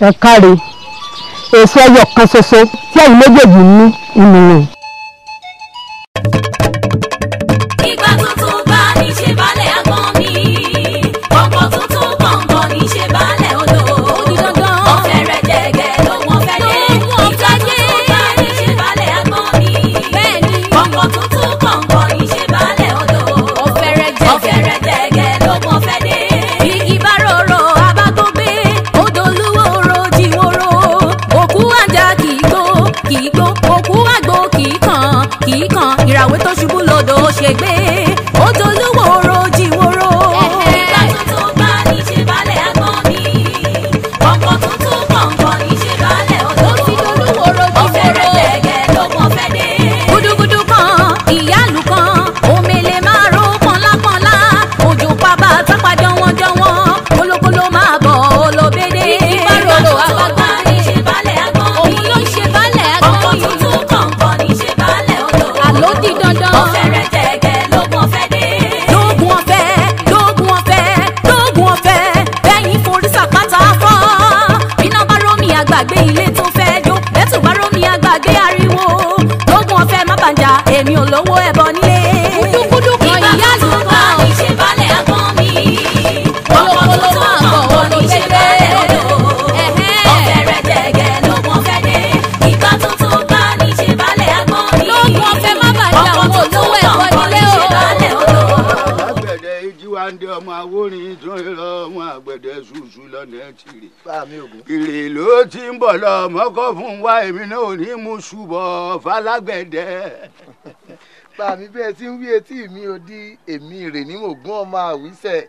ẹ káre èso ẹyọ kan ṣoṣo tí ẹ̀yin méjèèjì ní ìmìnira awórin tún rọ wọn àgbẹ̀dẹ ṣùṣù lọ́nà tìrì. ìrè ló ti ń bọ̀ lọ mọ́kọ́ fún wa èmi náà ò ní mú ṣùbọ̀ falágbẹ̀dẹ. bàmí bẹ́ẹ̀ tí ń wí etí mi ò di èmi rè ní mògún ọmọ àwísẹ̀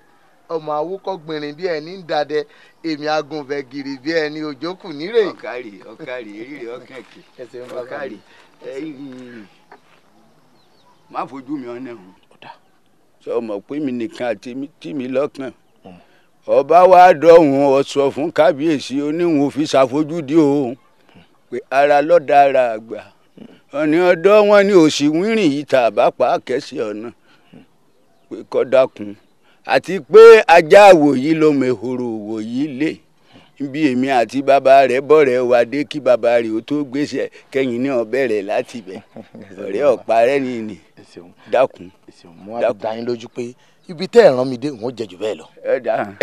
ọmọ awúkọ gbìnrín bí ẹni ń dadẹ èmi agùnfẹ gírí bí ẹni òjókù nírè. ọkàrí ọkàrí eré ọkàkì ọkàrí má fojú mi ọ̀nà hàn sọ ma pé mi nìkan àti tí mi lọ́kàn ọba wa dọ̀hún ọ̀sọ̀ fún kábíyèsí oníhùn òfin ṣàfojúdi o pé ara lọ́dà ara àgbà ọ̀nì ọ̀dọ́ wọn ni òsì wírìn yìí tà bá pa kẹ́sì ọ̀nà pé kọ́ àti pé ajá àwòyí ló mehoro òwòyí lé bí èmi àti bàbá rẹ̀ bọ̀rẹ̀ wá dé kí bàbá rẹ̀ ó tó gbéṣẹ́ kẹ́yìn náà bẹ̀rẹ̀ láti bẹ̀ ọ̀rẹ́ ọ̀pá rẹ̀ ni ni dákun. mo wá dá yín lójú pé ibi tẹ́ ẹ̀ rán mi dé wọ́n jẹ jù bẹ́ẹ̀ lọ.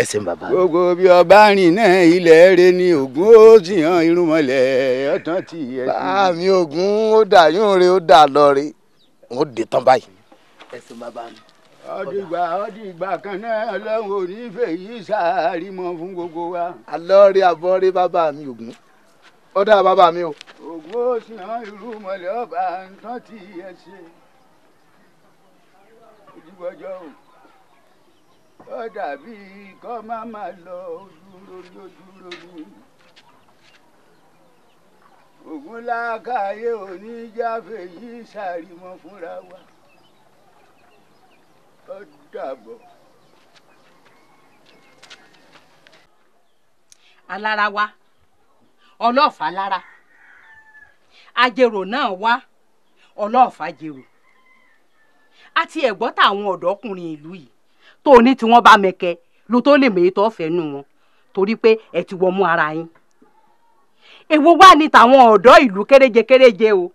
ẹ ṣeun bàbá mi. gbogbo bí ọba rìn náà ilẹ̀ rẹ ni ògún ó sì hàn irúnmọlẹ̀ ọ̀tán tì í. bá mi ògún ó dà yún re ó dà lọ re wọ́n dé tán báyìí. ẹ ṣeun bàbá mi ọdìgbà ọdìgbà kan náà lọ́hùn onífẹ̀ yìí sáárì mọ́ fún gbogbo wa. alọ́ọ̀rẹ́ àbọ̀rẹ́ bàbá mi ògún ó dáa bàbá mi o. ògún ó sì hàn irú mọ̀lẹ́ ọba ń tán tí ẹ ṣe. ojúbọjọ o ó dàbí kọ́ má má lọ dúró dúró dúró. ògún lákàáyé oníjàfẹ́ yìí sáárì mọ́ fúnra wa ó alára wa ọlọ́ọ̀fà lára ajérò náà wá ọlọ́ọ̀fà jèrò àti ẹ̀gbọ́n táwọn ọ̀dọ́kùnrin ìlú yìí tó ní tí wọ́n bá mẹ̀kẹ́ ló tó lè mèyí tó fẹ́ nù wọn torí pé ẹ̀ ti wọ́n mú ara yín èwo wà ní tàwọn ọ̀dọ́ ìlú kéréje kéréje o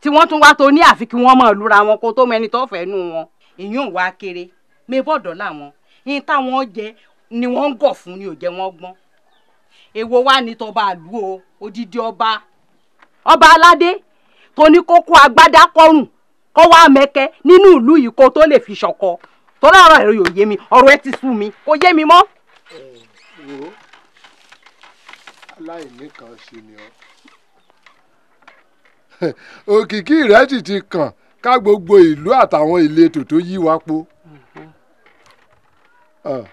tí wọ́n tún wá tó ní àfi kí wọ́n máa lura wọn kó tó mẹni tó fẹ́ wọn ìyún wa kéré mébọ̀dọ̀ làwọn yín táwọn jẹ ni wọ́n ń gọ̀ fún ni ò jẹ́ wọ́n gbọ́n èwo wá ní tọba àlú o odidi ọba ọba aládé tó ní kókó agbádá kọrùn kó wá mẹ́kẹ́ nínú ìlú yìí kó tó lè fi ṣọ̀kọ tó lọ́rọ̀ ẹ̀rọ yóò yé mi ọ̀rọ̀ ẹ ti sú mi kò yé mi mọ́. ẹ wo aláìní kan ṣe ni ọ òkìkí rẹ ti kàn ká gbogbo ìlú àtàwọn ìletò tó yí wa po. Ah.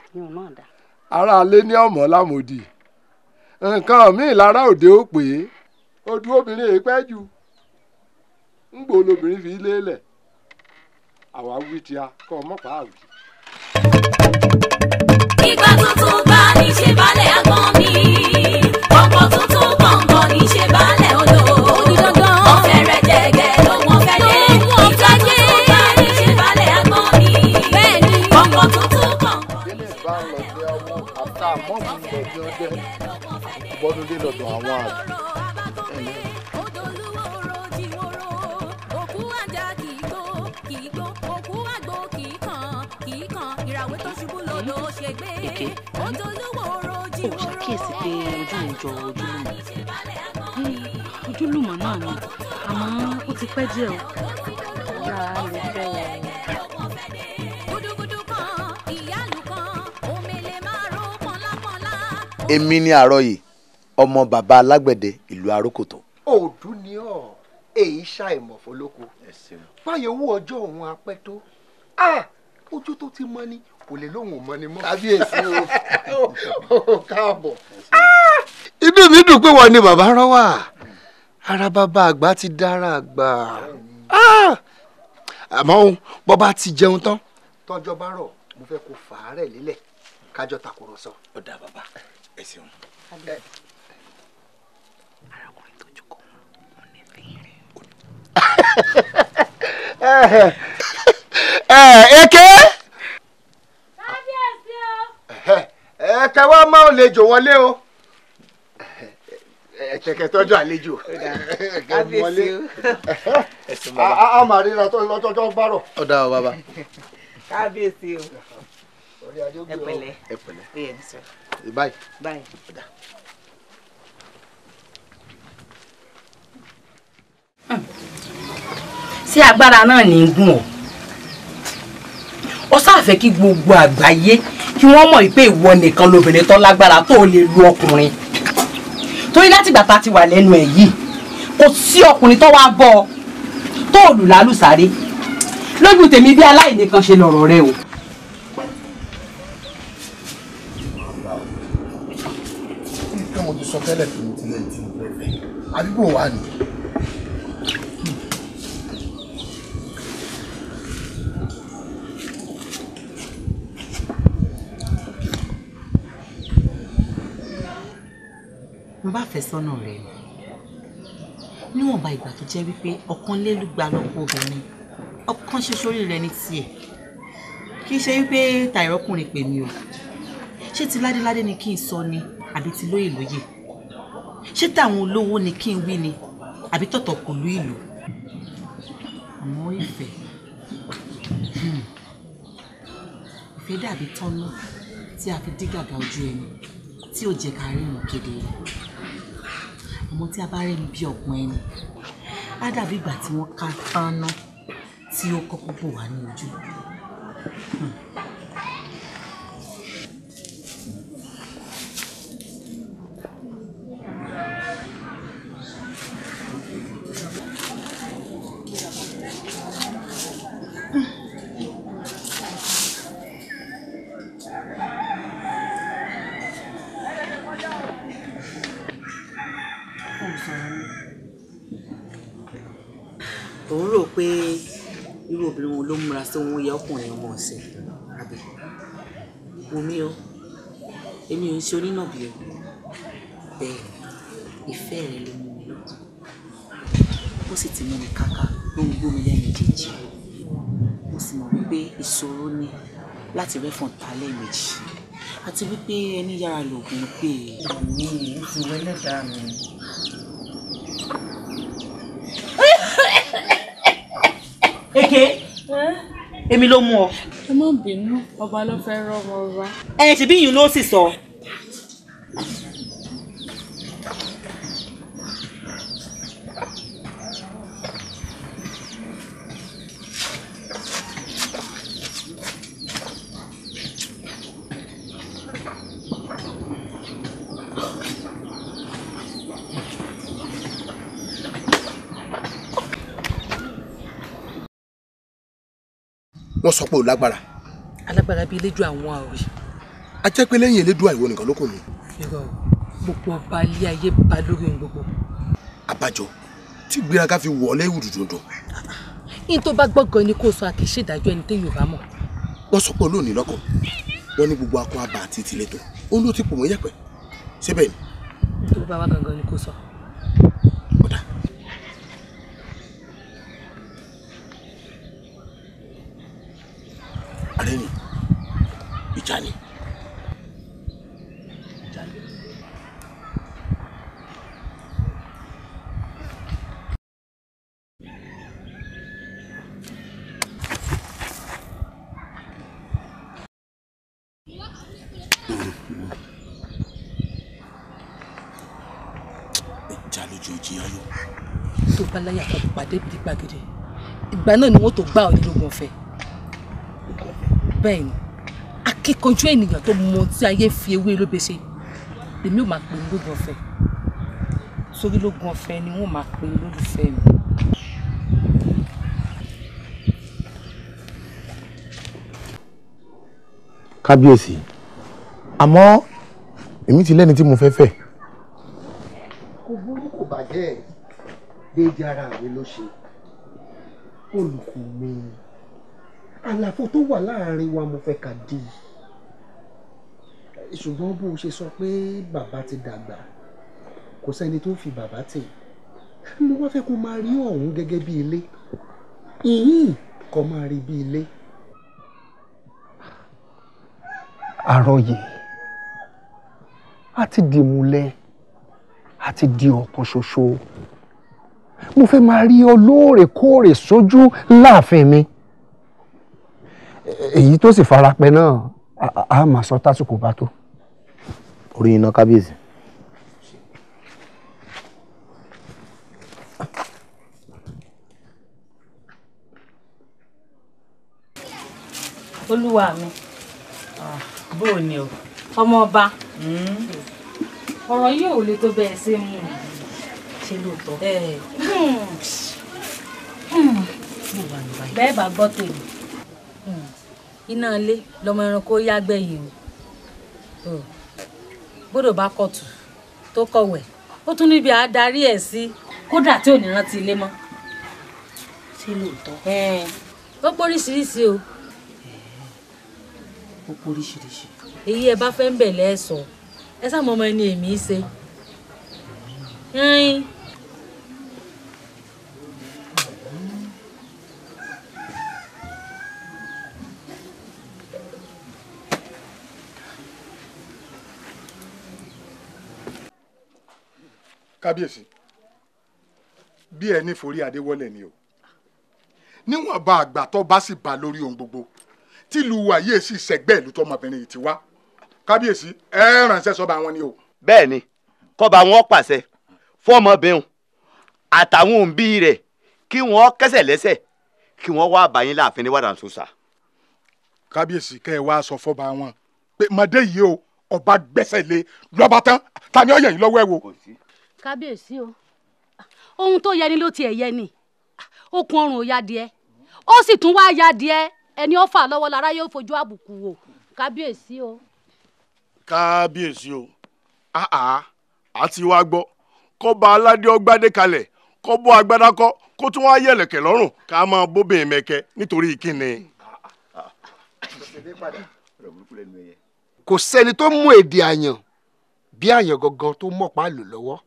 ara alẹ́ ní ọmọ lámòdì nǹkan míì lára òde ó pè é ojú obìnrin èé pẹ́ jù ń gbò lobìnrin fi lélẹ̀ àwa wí tí a kọ́ ọmọ pa ìgbà tuntun bá ní ṣe balẹ̀ àgbọn mi ọkọ̀ tuntun. Bọ́dúndé lọ́dọ̀ àwọn àgbẹ̀. Èké, ó ṣàkíyèsí oh, pé ojú ìjọ ojúlùmọ̀. Hmm, ojúlùmọ̀ náà ni, àmọ́ ó ti pẹ́ díẹ̀ o. Ìyá lè fẹ́ wọn. èmi ni àròyé ọmọ bàbá alágbẹ̀dẹ ìlú arókòtò. òdù ni ọ èyí ṣàìmọ̀ fọlọ́kọ báyọ̀ owó ọjọ́ òun apẹ́ tó ojú tó ti mọ ni kò lè lóun ò mọ ni mọ́. kábíyèsí o káàbọ̀. inú mi dùn pé wọ́n ní bàbá rọ́wà ara bàbá àgbà ti dára àgbà àmọ́ bọ́ba ti jẹun tán. tọ́jọ́ bá rọ̀ mo fẹ́ kó fàárẹ̀ lélẹ̀ kájọ tàkùrọ̀sọ. ó dà bàbá ẹ ṣeun. Eh, eh, eke eke máa ò lejò wọlé o eh, kẹ̀kẹ́ tọ́jú àlejò wọlé a máa ríra lọ́jọ́jọ́ bárọ̀. ó dá o bàbá. kábíyèsí o báyìí báyìí. Mm. sí agbára náà ní gùn ọ́ ọ sáà fẹ́ kí gbogbo àgbáyé kí wọ́n mọ̀ pé ìwọ nìkan lobìnrin tó lágbára tó lè lu ọkùnrin torí látìgbà tá a ti wà lẹ́nu ẹ̀ yìí kò sí ọkùnrin tó wá bọ́ ọ tó lù lálùsáré lójú tèmi bí aláìníkan ṣe lọ̀rọ̀ rẹ o. mo ti àdúgbò wa nìyí. n bá fẹ́ sọ́nà rẹ̀ ni níwọ̀nba ìgbà tó jẹ́ wípé ọ̀kan lélúgba lọ́pọ̀ obìnrin ọ̀kan ṣoṣo rí rẹ̀ ní tiẹ̀ kì í ṣe wípé tàìrọ́kùnrin pè mí o ṣé ti ládéládé ni kí n sọ ni àbí ti lóyè lóyè ṣé táwọn olówó ni kí n wí ni àbí tọ̀tọ̀ kò lú ìlú àmọ́ ìfẹ́ hmm. ìfẹ́ dàbí tọ́nà tí a fi dí gàgà ojú ẹni tí ò jẹ́ ká rí ìmọ̀ kedere àmọ́ tí a bá rẹ̀ mí bí ọ̀gbọ́n ẹni á dàbí ìgbà tí wọ́n ká tánná tí ó kọ́kọ́ bò wá ní ojú. Hmm. obìnrin wọn ló múra sí wọn yẹ ọkùnrin wọn ọ̀sẹ̀ àbí wùmí o èmi ò ń ṣe onínàbí o bẹ́ẹ̀ ìfẹ́ rẹ ló mú mi lọ́kàn ó sì ti mú mi káká ló ń gbó mi lẹ́nu jèjì mo sì mọ̀ wípé ìṣòro ni láti rẹ́fọ̀n ta lẹ́ẹ̀mejì àti wípé ẹni yára lògùn pé. àmì ìfúnwẹ́lẹ́dà mi. èké èmi ló mú ọ. ẹ má bínú ọba ló fẹ́ rọ́ ọmọ wa. ẹ ṣèbí yìí ló sì sọ ò lágbára. alágbára bíi elédùn àwọn àwẹ̀. a jẹ́ pé lẹ́yìn elédùn àìwọ nìkan ló kù mí. irọ́ gbogbo ọba ilé ayé bá lórí ohun gbogbo. àbájọ tí gbéraga fi wọlé ìwùdù dundun. yín tó bá gbọ́ngàn ni kò sọ àkíṣe ìdájọ́ ẹni téèyàn bá mọ̀. wọ́n sọ pé olóòní lọ́kọ̀ wọ́n ní gbogbo akọ àbà àti ìtìlẹ́tọ̀ òun ló ti pò mọ́ yẹ̀pẹ̀ síbẹ̀ ni. nítorí bàbá gangan ni kò sọ. láyà ká pàdé di gbàgede ìgbà náà ni wọ́n tó gbá ọ̀dọ́gbọ̀n fẹ́ bẹ́ẹ̀ ni akíkanjú ènìyàn tó mọ tí ayé fi ewé lóbe ṣe èmi ò máa pè ní lógun ọ̀fẹ́ sórí lógun ọ̀fẹ́ ni wọ́n máa pè ní lólùfẹ́ mi. kábíyèsí àmọ́ èmi ti lẹ́ni tí mo fẹ́ fẹ́. kò burú kò bàjẹ́ ẹ̀ déédéé ara mi ló ṣe olùkọ́ mi àlàfo tó wà láàrin wa mo fẹ́ kà dì í ṣùgbọ́n bó o ṣe sọ pé bàbá ti dàgbà kò sẹ́ni tó fi bàbá tì mo wá fẹ́ kó máa rí ọ̀hún gẹ́gẹ́ bí ilé ìyìn kó máa rí bí ilé. àròyé a ti dìmúlẹ̀ a ti di ọ̀kan ṣoṣo mo fẹ́ máa rí ọ lóòrèkóòrè sójú láàfin mi èyí tó sì farapẹ́ náà a máa sọ tásìkò bá tó. orí iná kábíyèsí. olúwa mi ah, bó o ní o ọmọ ọba hmm. ọ̀rọ̀ yìí ò le tó bẹ́ẹ̀ ṣe mú un ṣe lóòótọ́. Hmm. Hmm. bẹ́ẹ̀ bá gbọ́ tèmi hmm. iná ilé lọmọ ẹranko yágbẹ́ yìí o gbọ́dọ̀ bá kọ̀tù tó kọ̀wẹ̀ ó tún níbi àádarí ẹ̀ sí kódà tí ò ní rántí ilé mọ́. ṣé lóòótọ́. ó póríṣiríṣi o. ó póríṣiríṣi. èyí ẹ bá fẹ́ ń bẹ̀ lẹ́ẹ̀sọ̀ ẹ sáà mọ ọmọ ẹni èmi ṣe. kábíyèsí bí ẹni forí adé wọlé ni o níwọ̀nba àgbà tó bá sì bá lórí ohun gbogbo tìlú ayé sì sẹgbẹ́ ìlú tọmọbìnrin yìí ti wá kábíyèsí ẹ ránṣẹ́ sọ́ba wọn ni o. bẹ́ẹ̀ ni kọ́ba wọn pàṣẹ fọ́mọbìnrin àtàwọn òǹbí rẹ̀ kí wọ́n kẹ́sẹ̀ lẹ́sẹ̀ kí wọ́n wá bá yín láàfin ní wàdà ṣoṣà. kábíyèsí kẹ́ ẹ wá sọ fọ́ba wọn pé mọ̀dé yìí o ọba gbẹ́sẹ̀ lé lọ́ba tán tani ọ̀yẹ̀ yìí lọ́wọ́ ẹ̀ wò. kò sí kábíyèsí o ohun tó yẹ ni ló tiẹ̀ yẹ ni okùn ọrùn ò ya díẹ̀ ó sì tún wá ya díẹ̀ ẹni ó fà lọ́wọ́ lára yóò fojú àbùkù wò kábíyèsí o. kábíyèsí o àá àti wá gbọ́ kó ba aládé ọgbádé kalẹ̀ kó bó agbádá kọ́ kó tún wá yẹ̀lẹ̀kẹ̀ lọ́rùn ká máa bóbìnrin mẹ́kẹ́ nítorí kíni. kò sẹ́ni tó mú èdè àyàn bí àyàn gangan tó mọ̀pá lò lọ́wọ́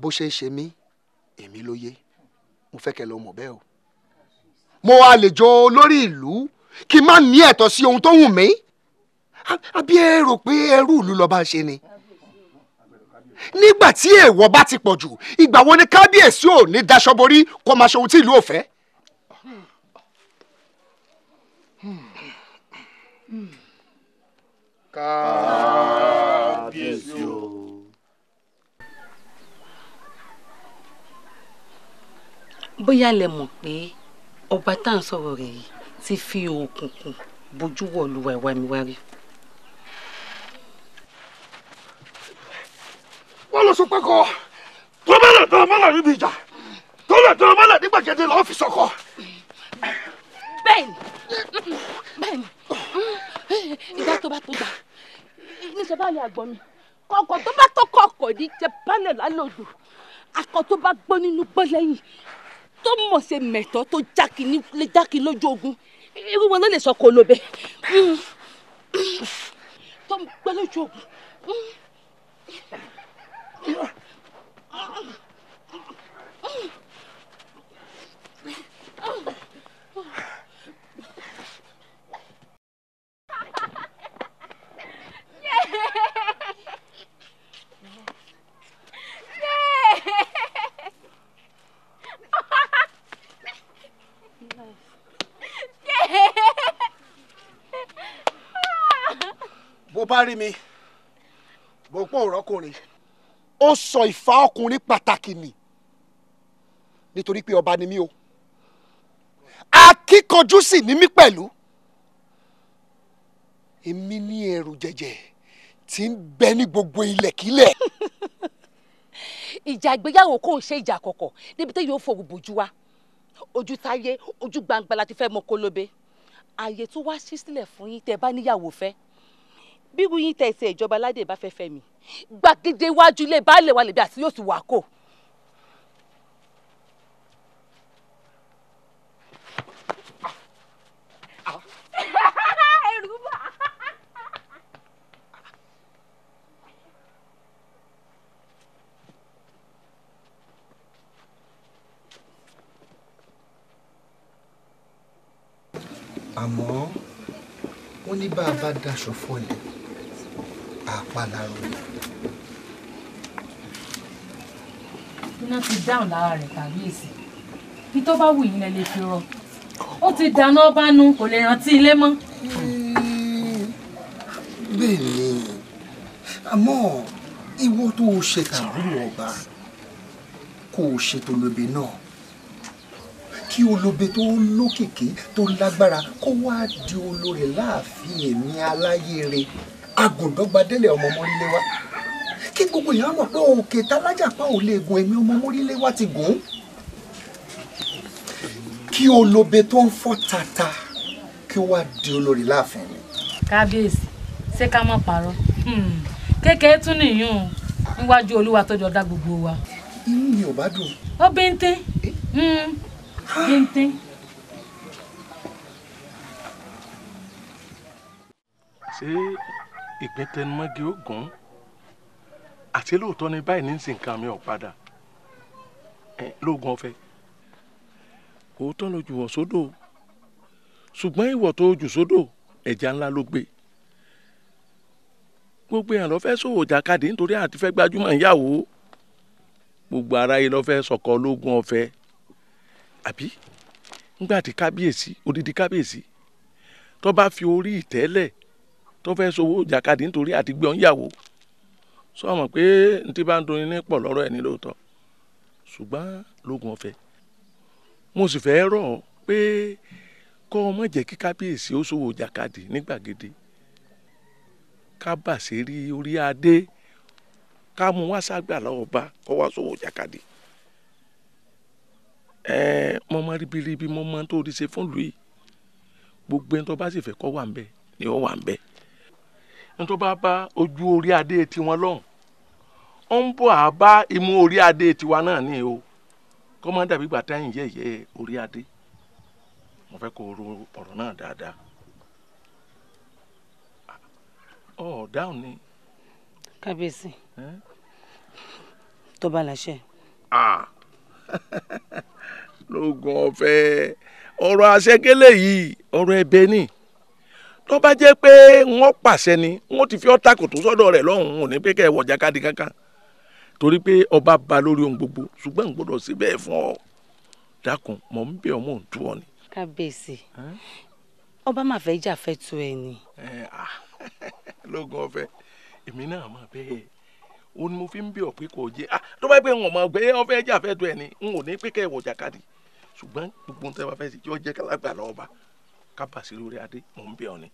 bó ṣe ń ṣe mí èmi ló yé mo fẹ́ kẹ́ lọ mọ̀ bẹ́ẹ̀ o. mo àlejò olórí ìlú kí n má ní ẹ̀tọ́ sí ohun tó wù mí àbí ẹ rò pé ẹrú ìlú lọ́ba ṣe ni. nígbà tí èèwọ̀ bá ti pọ̀ jù ìgbà wo ni kábíyèsí ò ní daṣọ borí kó máa ṣe ohun tí ìlú ò fẹ́. kábíyèsí o. bóyá lẹ mọ̀ pé ọba tá à ń sọ̀rọ̀ rẹ̀ yìí ti fi òkùnkùn bojú wọ̀ lùwà ìwà mi wá rí. wọ́n lọ sọ pé kọ́ tó mẹ́lẹ̀ tó mẹ́lẹ̀ níbi ìjà tó lẹ̀ tó mẹ́lẹ̀ nígbà gẹ́gẹ́ lọ́ọ́ fi sọ̀kọ. bẹ́ẹ̀ni bẹ́ẹ̀ni ìgbà tó bá tó gbà níṣẹ́ báyìí àgbọ̀n mi kọ̀ọ̀kọ̀ tó bá tó kọ̀ọ̀kọ̀ ní jẹ́ bálẹ̀ lálẹ́ odò akọ tó bá gbọ́ nínú gbọ́ lẹ́yìn tó mọ̀ ṣe mẹ̀tọ́ tó jákin lójú ogun irú wọn ló lè sọ kó lóbe tó ń gbẹ lójú ogun. bó bá rí mi bó pọ̀ òrọ́kùnrin ó sọ ìfà ọkùnrin pàtàkì nì nítorí pé ọba ni mí o akíkanjú sì ní mí pẹ̀lú èmi ní ẹrù jẹjẹ tí ń bẹ ní gbogbo ilẹ̀kílẹ̀. ìjà ìgbéyàwó kò ṣe ìjà kọ̀kọ̀ débi tẹ́ yóò fòwò bójú wa ojú táyé ojú gbangba la ti fẹ́ mọ kólóbe ààyè tó wá sí sílẹ̀ fún yín tẹ́ bá níyàwó fẹ́ bígun yín tẹ̀ ẹsẹ̀ ìjọba aládé bá fẹ́ fẹ́ mi gbàgede iwájú ilé baálé wa lè bí àti yóò sì wà kó. ẹ̀rù bà. àmọ́ wọ́n ní bá a bá daṣọ fọ́lẹ̀ padà rò. iná ti dáhùn lára rẹ̀ kàbíyèsí bí tó bá wù yín lẹ lè fi rọ ó ti dáná bánú kò lè rántí ilé mọ́. Hmm. bẹ́ẹ̀ ni àmọ́ ìwọ tó o ṣe tàbúrò ọba kó o ṣe tolóbe náà kí olóbe tó lókìkí tó lágbára kó wáá di olórí láàfin èmi aláyé rẹ̀ agùndọ́gba délẹ̀ ọmọ mórílé wa kí gbogbo èèyàn mọ̀ pé òkè tálájàpá ò lè gun èmi ọmọ mórílé wa ti gùn kí olóbe tó ń fọ́ tata kí ó wá di olórí láàfin mi. kábíyèsí ṣé ká má parọ́ hmm, kékeré tún nìyún níwájú olúwa tó jọ dá gbogbo wa. inú mi ò bá dùn. ó bíntín eh? hmm, ah! bíntín. ṣé ìgbẹ́tẹnumọ́gi ogun àti lóòótọ́ ni báyìí ní sìn nǹkan mi ò padà lóògùn ọ̀fẹ́. òótọ́ ló jù wọ́n sódò ṣùgbọ́n ìwọ̀ tó jù sódò ẹ̀já ńlá ló gbé gbogbo èèyàn lọ́fẹ́ sòwò jàkadì nítorí àti fẹ́ gbajúmọ̀ ìyàwó gbogbo ara yìí lọ́fẹ́ sọ̀kọ lóògùn ọ̀fẹ́ àbí ńgbà tí kábíyèsí odidi kábíyèsí tó bá fi orí ìtẹ́lẹ̀ tó fẹ́ sowó jàkadì nítorí àti gbé ọ̀nyàwó sọ ma pé n ti bá ń dorin ní pọ̀ lọ́rọ̀ ẹ̀ ní lóòótọ́ ṣùgbọ́n lóògùn ọ̀fẹ́ mo sì fẹ́ rọ̀ pé kọ́ ọmọ jẹ́ kí kábíyèsí ó sowó jàkadì ní gbàgede ká bà sí rí orí adé ká mú wá ságbà lọ́wọ́ bá kọ́ wá sowó jàkadì ẹ mọ́ mọ́ ribiribi mọ́ mọ́ tó rí ṣe fún lùí gbogbo ẹni tó bá sì fẹ́ kọ́ wà ń bẹ̀ ni ó wà ń bẹ̀ tó bá bá ojú orí adé tiwọn lọ́hùn ó ń bọ̀ á bá imú orí adé tiwa náà ní o kó má dàbí gbà táyìn yẹ̀yẹ́ orí adé mo fẹ́ kó o ro ọ̀rọ̀ náà dáadáa ọ̀ dáhùn ni. kábíyèsí tó bá láṣẹ. lóògùn ọ̀fẹ́ ọ̀rọ̀ àṣẹkẹ́lẹ̀ yìí ọ̀rọ̀ ẹ̀bẹ̀ ni tó bá jẹ́ pé wọ́n pàṣẹ ni wọ́n ti fi ọ́ takò tó sọ́dọ̀ rẹ̀ lọ́hùn-ún òní pé kẹ́ ẹ wọ̀ jákàdí kankan torí pé ọba ba lórí ohun gbogbo ṣùgbọ́n n gbọ́dọ̀ sí bẹ́ẹ̀ fún ọ dákun mọ̀ ń bẹ̀ ọ́ mọ̀ ń tú ọ ni. kábíyèsí ọba máa fẹ́ jà fẹ́ tu ẹ ni. lóògùn ọ̀fẹ́ èmi náà máa bẹ́ẹ̀ o ni mo fi ń bẹ̀ ọ́ pé kò jẹ́ tó bá pẹ́ wọn mọ̀ pé ọfẹ́ jà fẹ́ tu ẹ ni n ò ní pé kẹ́ ẹ wọ̀ jákàdí ṣùgbọ́n gbogbo ohun tẹ́ bá fẹ́ sí jọ́ jẹ́ kálágbà lọ́ọ́ kábàsí lórí adé mò ń bẹ̀ ọ́ ni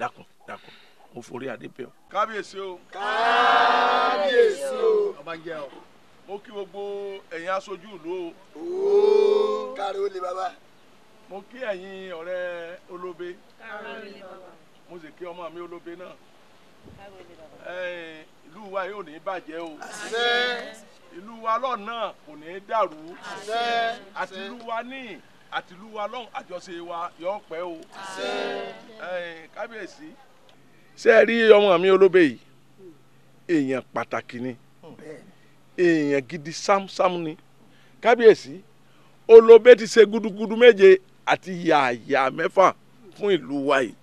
dákun dákun mo forí adé bẹ̀ ọ́. kábíyèsí o. kábíyèsí o. ọba ń jẹ ọ. mo kí gbogbo ẹ̀yin aṣojú ìlú o. ooo kárí ó bàbá. mo kí ẹ̀yin ọ̀rẹ́ olóbe. kárí ó bàbá. mo sì kí ọmọ mi olóbe náà. kárí ó lè bàbá. ìlú wa yóò ní bàjẹ́ o. àṣẹ. ìlú wa lọ́nà kò ní dàrú. àṣẹ. àti ìlú wa ní àtìlúwa lọ́hùn àjọṣe wa yọ pẹ́ o. kábíyèsí ṣé ẹ rí ọmọ mi olóbe yìí èèyàn pàtàkì ni èèyàn gidi sámsám ni kábíyèsí olóbe ti ṣe gudugudu méje àti yàyà mẹ́fà fún ìlú wa yìí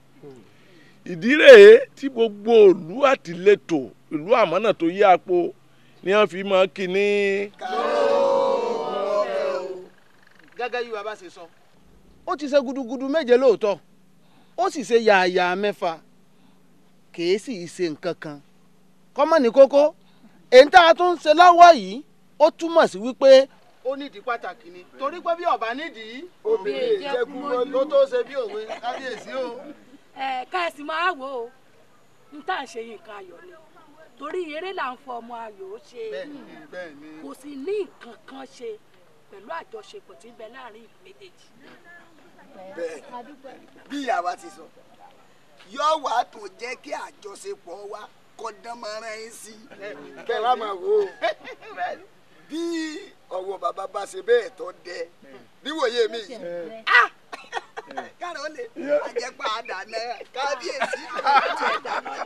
ìdí rèé tí gbogbo ìlú àtìlétò ìlú àmọ́nà tó yí apò ni wọ́n fi máa kí ni. gẹ́gẹ́ yìí bàbá ṣe sọ. ó ti ṣe gudugudu méje lóòótọ́ ó sì ṣe yààyà mẹ́fà kèé sì ṣe nǹkan kan kọ́mọ́ ní kókó èyí tá a tún ń ṣe láwọ̀ yìí ó túmọ̀ sí wípé ó pàtàkì ni torí pé bí ọba nídìí obìnrin ìjẹkùn ló tó ṣe bí òwe kábíyèsí o. ẹ máa wò ó n tá à ń ṣe yìí ayọ̀ ni torí eré là ń fọ ọmọ ayò ó ṣe kò pẹ̀lú àjọṣepọ̀ tí ń bẹ láàrin ìlú méjèèjì. bẹ́ẹ̀ bí ìyàwó ti sọ yóò wá tó jẹ́ kí àjọṣepọ̀ wa kó dán mọ́rán yín sí i. kẹ́lá máa wò ó bí ọwọ́ bàbá bá ṣe bẹ́ẹ̀ tó dẹ níwòye mi yìí ah! kára ó lè àjẹpá àdáná kábíyèsí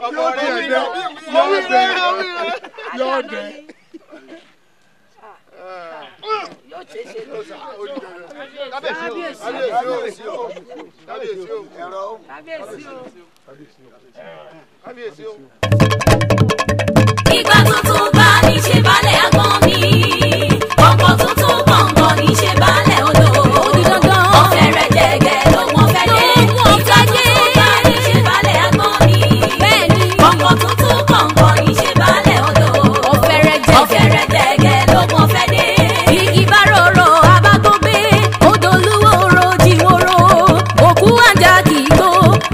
ọmọ rẹ mi lọ yóò dẹ yóò dẹ yóò ìgbà tuntun bá ní ṣe balẹ̀ àgbọn mi ọkọ̀ tuntun gbọ̀ngàn ní ṣe balẹ̀.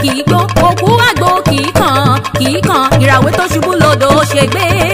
kì í gbó òkú àgbo kì í kàn kì í kàn ìràwé tó ṣubú lódò ṣègbè.